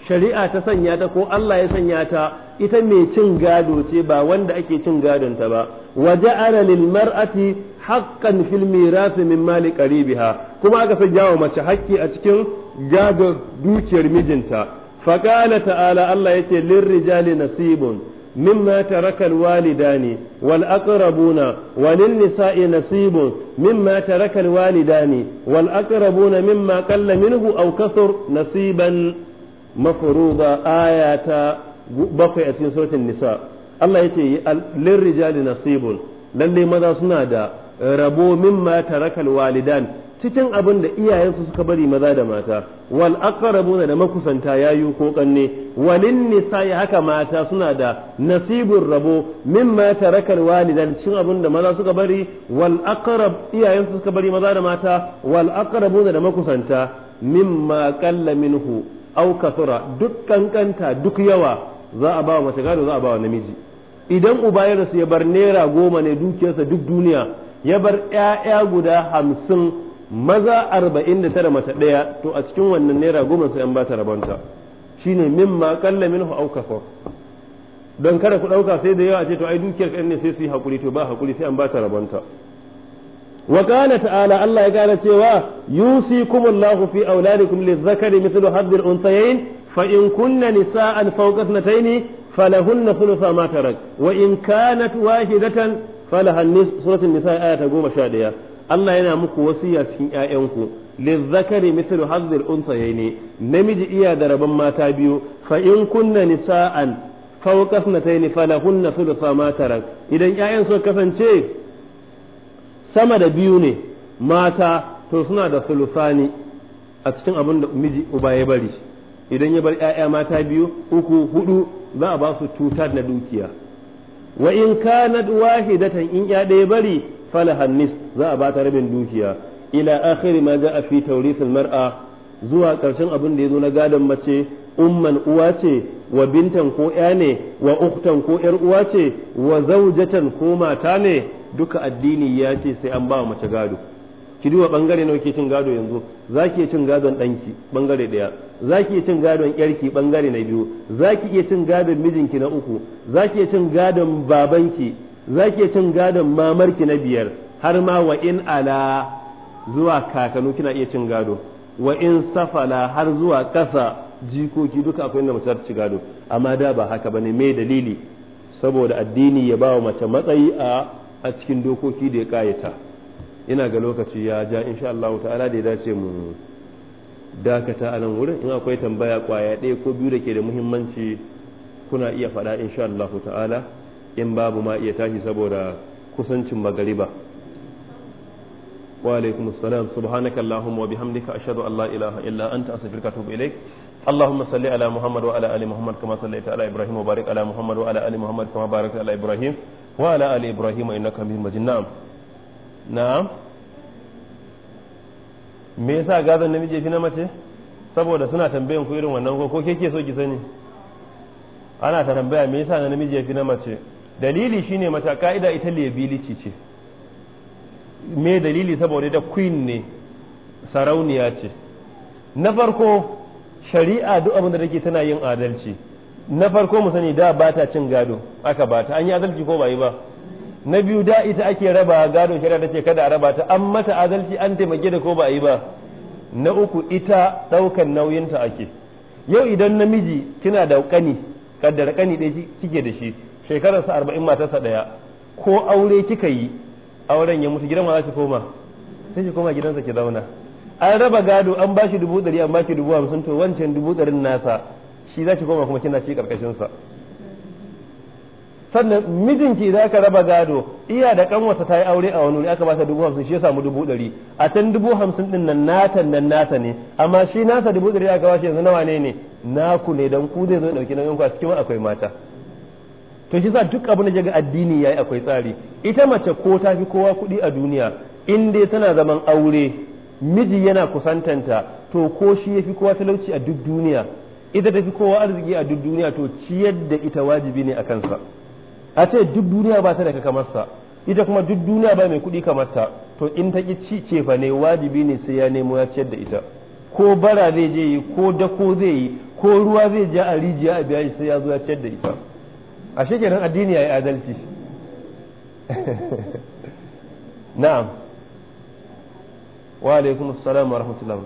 shari'a ta sanya ta ko Allah ya sanya ta ita mai cin gado ce ba wanda ake cin gadon ta ba Waje ja'ala lil mar'ati haƙƙan filmi mirath min mali qaribiha kuma aka sanya wa mace haƙƙi a cikin gadon dukiyar mijinta فقال تعالى الله يتي للرجال نصيب مما ترك الوالدان والأقربون وللنساء نصيب مما ترك الوالدان والأقربون مما قل منه أو كثر نصيبا مفروضا آية بقي أسين سورة النساء الله يتي للرجال نصيب للي ماذا صنع ربو مما ترك الوالدان cikin abin da iyayensu suka bari maza da mata wal aqrabuna da makusanta yayu ko kanne walin nisa'i haka mata suna da nasibun rabo mimma tarakal walidan cikin abin da maza suka bari wal aqrab iyayensu suka bari maza da mata wal aqrabuna da makusanta mimma qalla minhu aw kathura duk ƙanƙanta duk yawa za a ba wa mace gado za a ba wa namiji idan uba ya rasu ya bar naira goma ne dukiyarsa duk duniya ya bar 'ya'ya guda hamsin maza arba'in da tara mace ɗaya to a cikin wannan naira goma sai an ba ta rabonta shine mimma qalla minhu aw kasar don kada ku ɗauka sai da yawa ce to ai dukiyar kan ne sai su yi haƙuri to ba haƙuri sai an ba ta rabonta wa qala ta'ala Allah ya gane cewa yusikumullahu fi auladikum lizakari mithlu hadhil unsayayn fa in kunna nisa'an fawqa ithnatayn falahunna thulutha ma tarak wa in kanat wahidatan falaha nisfu suratul nisa ayata 11 Allah yana muku wasiya cikin ƴaƴanku lizzakari mithlu hazzil ne namiji iya da rabon mata biyu fa in kunna nisa'an fa ithnatayn falahunna thulutha ma tarak idan ƴaƴan su kasance sama da biyu ne mata to suna da thuluthani a cikin abin da miji uba ya bari idan ya bar ƴaƴa mata biyu uku hudu za a ba su tutar na dukiya wa in kanat wahidatan in ya ɗaya bari fala hannis za a bata rabin dukiya ila akhiri ma za a fi taurisul mar'a zuwa ƙarshen abin da ya zo na gadon mace umman uwa ce wa bintan ko ya ne wa uktan ko yar uwa ce wa zaujatan ko mata ne duka addini ya ce sai an ba mace gado ki duba bangare nawa ke cin gado yanzu zaki cin gadon danki bangare daya za ki iya cin gadon ƴarki ɓangare na biyu za ki iya cin gadon mijinki na uku za ki iya cin gadon babanki za ki iya cin gadon mamarki na biyar har ma wa in ala zuwa kakanu kina iya cin gado wa in safala har zuwa ƙasa jikoki duka akwai inda mace ci gado amma da ba haka ba ne mai dalili saboda addini ya ba wa mace matsayi a a cikin dokoki da ya ƙayata. ina ga lokaci ya ja insha Allah ta'ala da ya dace mu dakata a nan wurin in akwai tambaya kwaya ɗaya ko biyu da ke da muhimmanci kuna iya faɗa insha Allah ta'ala in babu ma iya tashi saboda kusancin magariba wa alaikum assalam subhanaka allahumma wa bihamdika ashhadu an la ilaha illa anta astaghfiruka wa atubu ilaik اللهم صل على محمد وعلى ال محمد كما صليت على ابراهيم وبارك على محمد وعلى ال محمد كما باركت على ابراهيم وعلى ال ابراهيم انك حميد مجيد نعم نعم me yasa gadon namiji fi na mace saboda suna tambayan ku irin wannan ko ke ke so ki sani ana ta tambaya me yasa na namiji fi na mace dalili shine mace ka'ida ita liability ce me dalili saboda da queen ne sarauniya ce na farko shari'a duk abin da take tana yin adalci na farko mu sani da bata cin gado aka ba an yi adalci ko ba yi ba na biyu da ita ake raba gado shari'a ta ce kada a raba ta an mata azalci an taimake da ko ba a yi ba na uku ita daukan nauyinta ake yau idan namiji kina da kani kaddara kani ɗaya kike da shi shekararsa arba'in matarsa ɗaya ko aure kika yi auren ya mutu gidan ma za ki koma sai ki koma gidansa ki zauna an raba gado an ba shi dubu ɗari an ba shi dubu hamsin to wancan dubu ɗarin nasa shi za ki koma kuma kina ci ƙarƙashinsa sannan mijinki idan aka raba gado iya da kanwarsa ta yi aure a wani wuri aka ba ta dubu hamsin shi ya samu dubu ɗari a can dubu hamsin din nan nata nan nata ne amma shi nasa dubu ɗari aka ba shi yanzu nawa ne ne naku ne dan ku zai zo ɗauki na a cikin akwai mata to shi sa duk abin da ga addini ya yi akwai tsari ita mace ko ta fi kowa kuɗi a duniya in dai tana zaman aure miji yana kusantanta to ko shi ya fi kowa talauci a duk duniya ita ta fi kowa arziki a duk duniya to ciyar da ita wajibi ne a kansa a ce duk duniya ba ta daga kamar sa ita kuma duk duniya ba mai kuɗi kamar ta to in ta ki ci cefa ne wajibi ne sai ya nemo ya ciyar da ita ko bara zai je yi ko dako zai yi ko ruwa zai ja a rijiya a biya shi sai ya zo ya ciyar da ita a shekarun addini ya yi adalci [laughs] na'am wa alaikum assalam wa rahmatullah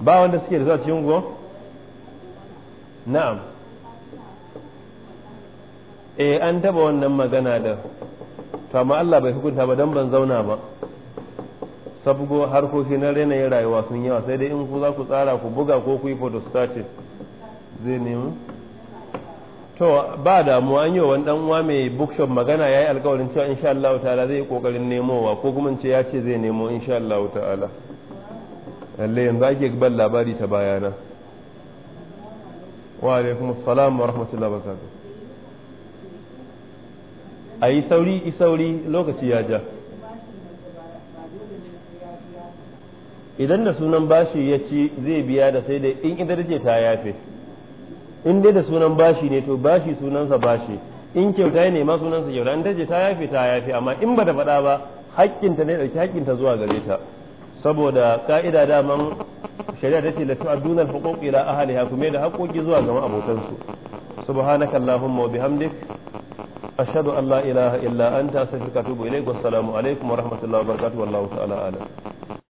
ba wanda suke da za cikin go na'am eh an taba wannan magana da to amma Allah bai hukunta ba dan ban zauna ba sabgo harkoki na yanayin rayuwa sun yawa sai dai in ku za ku tsara ku buga ko ku yi photostatic zai nemi to ba damuwa an yi wani dan uwa mai bookshop magana yayi alƙawarin cewa insha Allah ta'ala zai yi kokarin nemowa ko kuma ce ya ce zai nemo insha Allah ta'ala lalle yanzu ake ban labari ta bayana wa alaikumus salam wa rahmatullahi wa barakatuh a yi sauri isauri lokaci ya ja idan da sunan bashi ya ci zai biya da sai da in idar ce ta yafe in dai da sunan bashi ne to bashi sunansa bashi in kyauta ya nema sunansa kyauta in tace ta yafe ta yafe amma in ba da faɗa ba haƙƙinta ne ɗauki haƙƙinta zuwa gare ta saboda ka'ida daman shari'a ta ce la tu'adduna al-huquq ila ahliha kuma da haƙoƙi zuwa ga abokansu. subhanaka allahumma wa bihamdik ashadu an la ilaha illa anta astaghfiruka wa atubu ilaik wassalamu alaikum wa rahmatullahi wa barakatuh wallahu ta'ala ala.